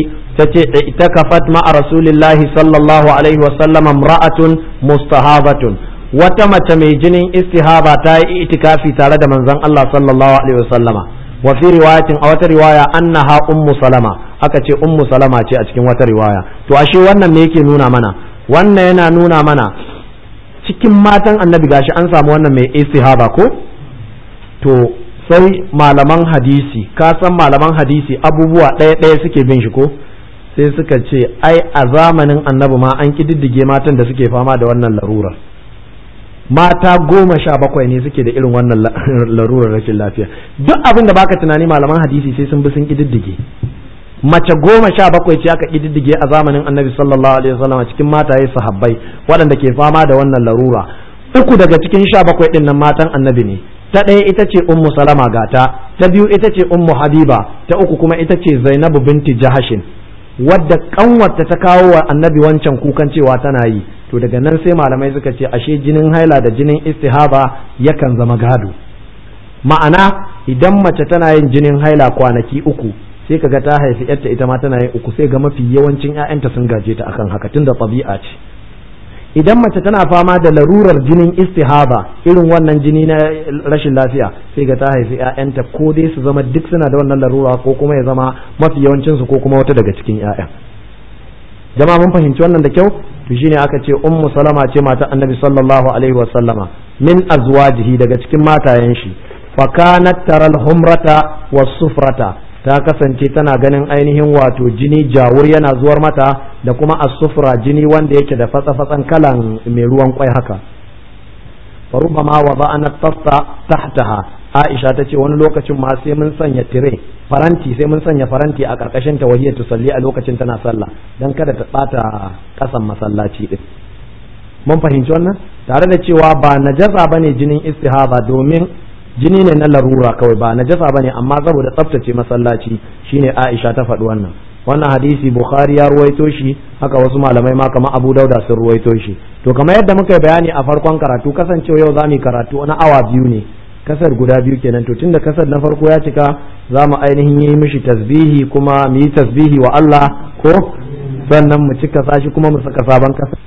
ita kafat ma rasulillahi sallallahu alaihi wa sallam imra'atun mustahabatun wata mace mai jinin istihaba ta yi itikafi tare da manzon Allah sallallahu alaihi wa sallama wa fi riwayatin a wata riwaya annaha ummu salama aka ce ummu salama ce a cikin wata riwaya to ashe wannan me yake nuna mana wannan yana nuna mana cikin matan annabi gashi an samu wannan mai istihaba ko to sai malaman hadisi ka san malaman hadisi abubuwa ɗaya ɗaya suke bin shi ko sai suka ce ai a zamanin annabi ma an kididdige matan da suke fama da wannan larurar mata goma sha bakwai ne suke da irin wannan [LAUGHS] larurar rashin lafiya duk abin da baka tunani malaman hadisi sai sun bi sun kididdige mace goma sha bakwai ce aka ƙididdige a zamanin annabi sallallahu alaihi wasallam cikin mataye sahabbai waɗanda ke fama da wannan larura uku daga cikin sha bakwai ɗin nan matan annabi ne ta ɗaya ita ce ummu salama gata ta biyu ita ce ummu habiba ta uku kuma ita ce zainabu binti jahashin wadda kanwarta ta kawo wa annabi wancan kukan cewa tana yi to daga nan sai malamai suka ce ashe jinin haila da jinin istihaba yakan zama gado ma'ana idan mace tana yin jinin haila kwanaki uku sai kaga ta haifi yarta ita ma tana yin uku sai ga mafi yawancin ƴaƴanta sun gaje ta akan haka da tabi'a ce idan mace tana fama da larurar jinin istihaba irin wannan jini na rashin lafiya sai ga ta haifi ƴaƴanta ko dai su zama duk suna da wannan larura ko kuma ya zama mafi yawancin su ko kuma wata daga cikin ƴaƴan jama'a mun fahimci wannan da kyau to shine aka ce ummu salama ce mata annabi sallallahu alaihi wa sallama min azwajihi daga cikin matayen shi fa kanat taral humrata was sufrata ta kasance tana ganin ainihin wato jini jawur yana zuwar mata da kuma asufra jini wanda yake da fatsa-fatsan kalan mai ruwan kwai haka ma wa ana tasta tahtaha Aisha ta ce wani lokacin ma sai mun sanya tire faranti sai mun sanya faranti a karkashin ta ta salli a lokacin tana sallah dan kada ta bata kasan masallaci din mun fahimci wannan tare da cewa ba ba ne jinin istihaba domin jini ne na larura kawai ba na najasa bane amma saboda tsaftace masallaci shine Aisha ta faɗi wannan wannan hadisi Bukhari ya ruwaito shi haka wasu malamai ma kamar Abu Dauda sun ruwaito shi to kamar yadda muka yi bayani a farkon karatu kasancewa yau zamu karatu na awa biyu ne kasar guda biyu kenan to tunda kasar na farko ya cika za mu ainihin yi mishi tasbihi kuma mu yi tasbihi wa Allah ko sannan mu cika sashi kuma mu saka sabon kasa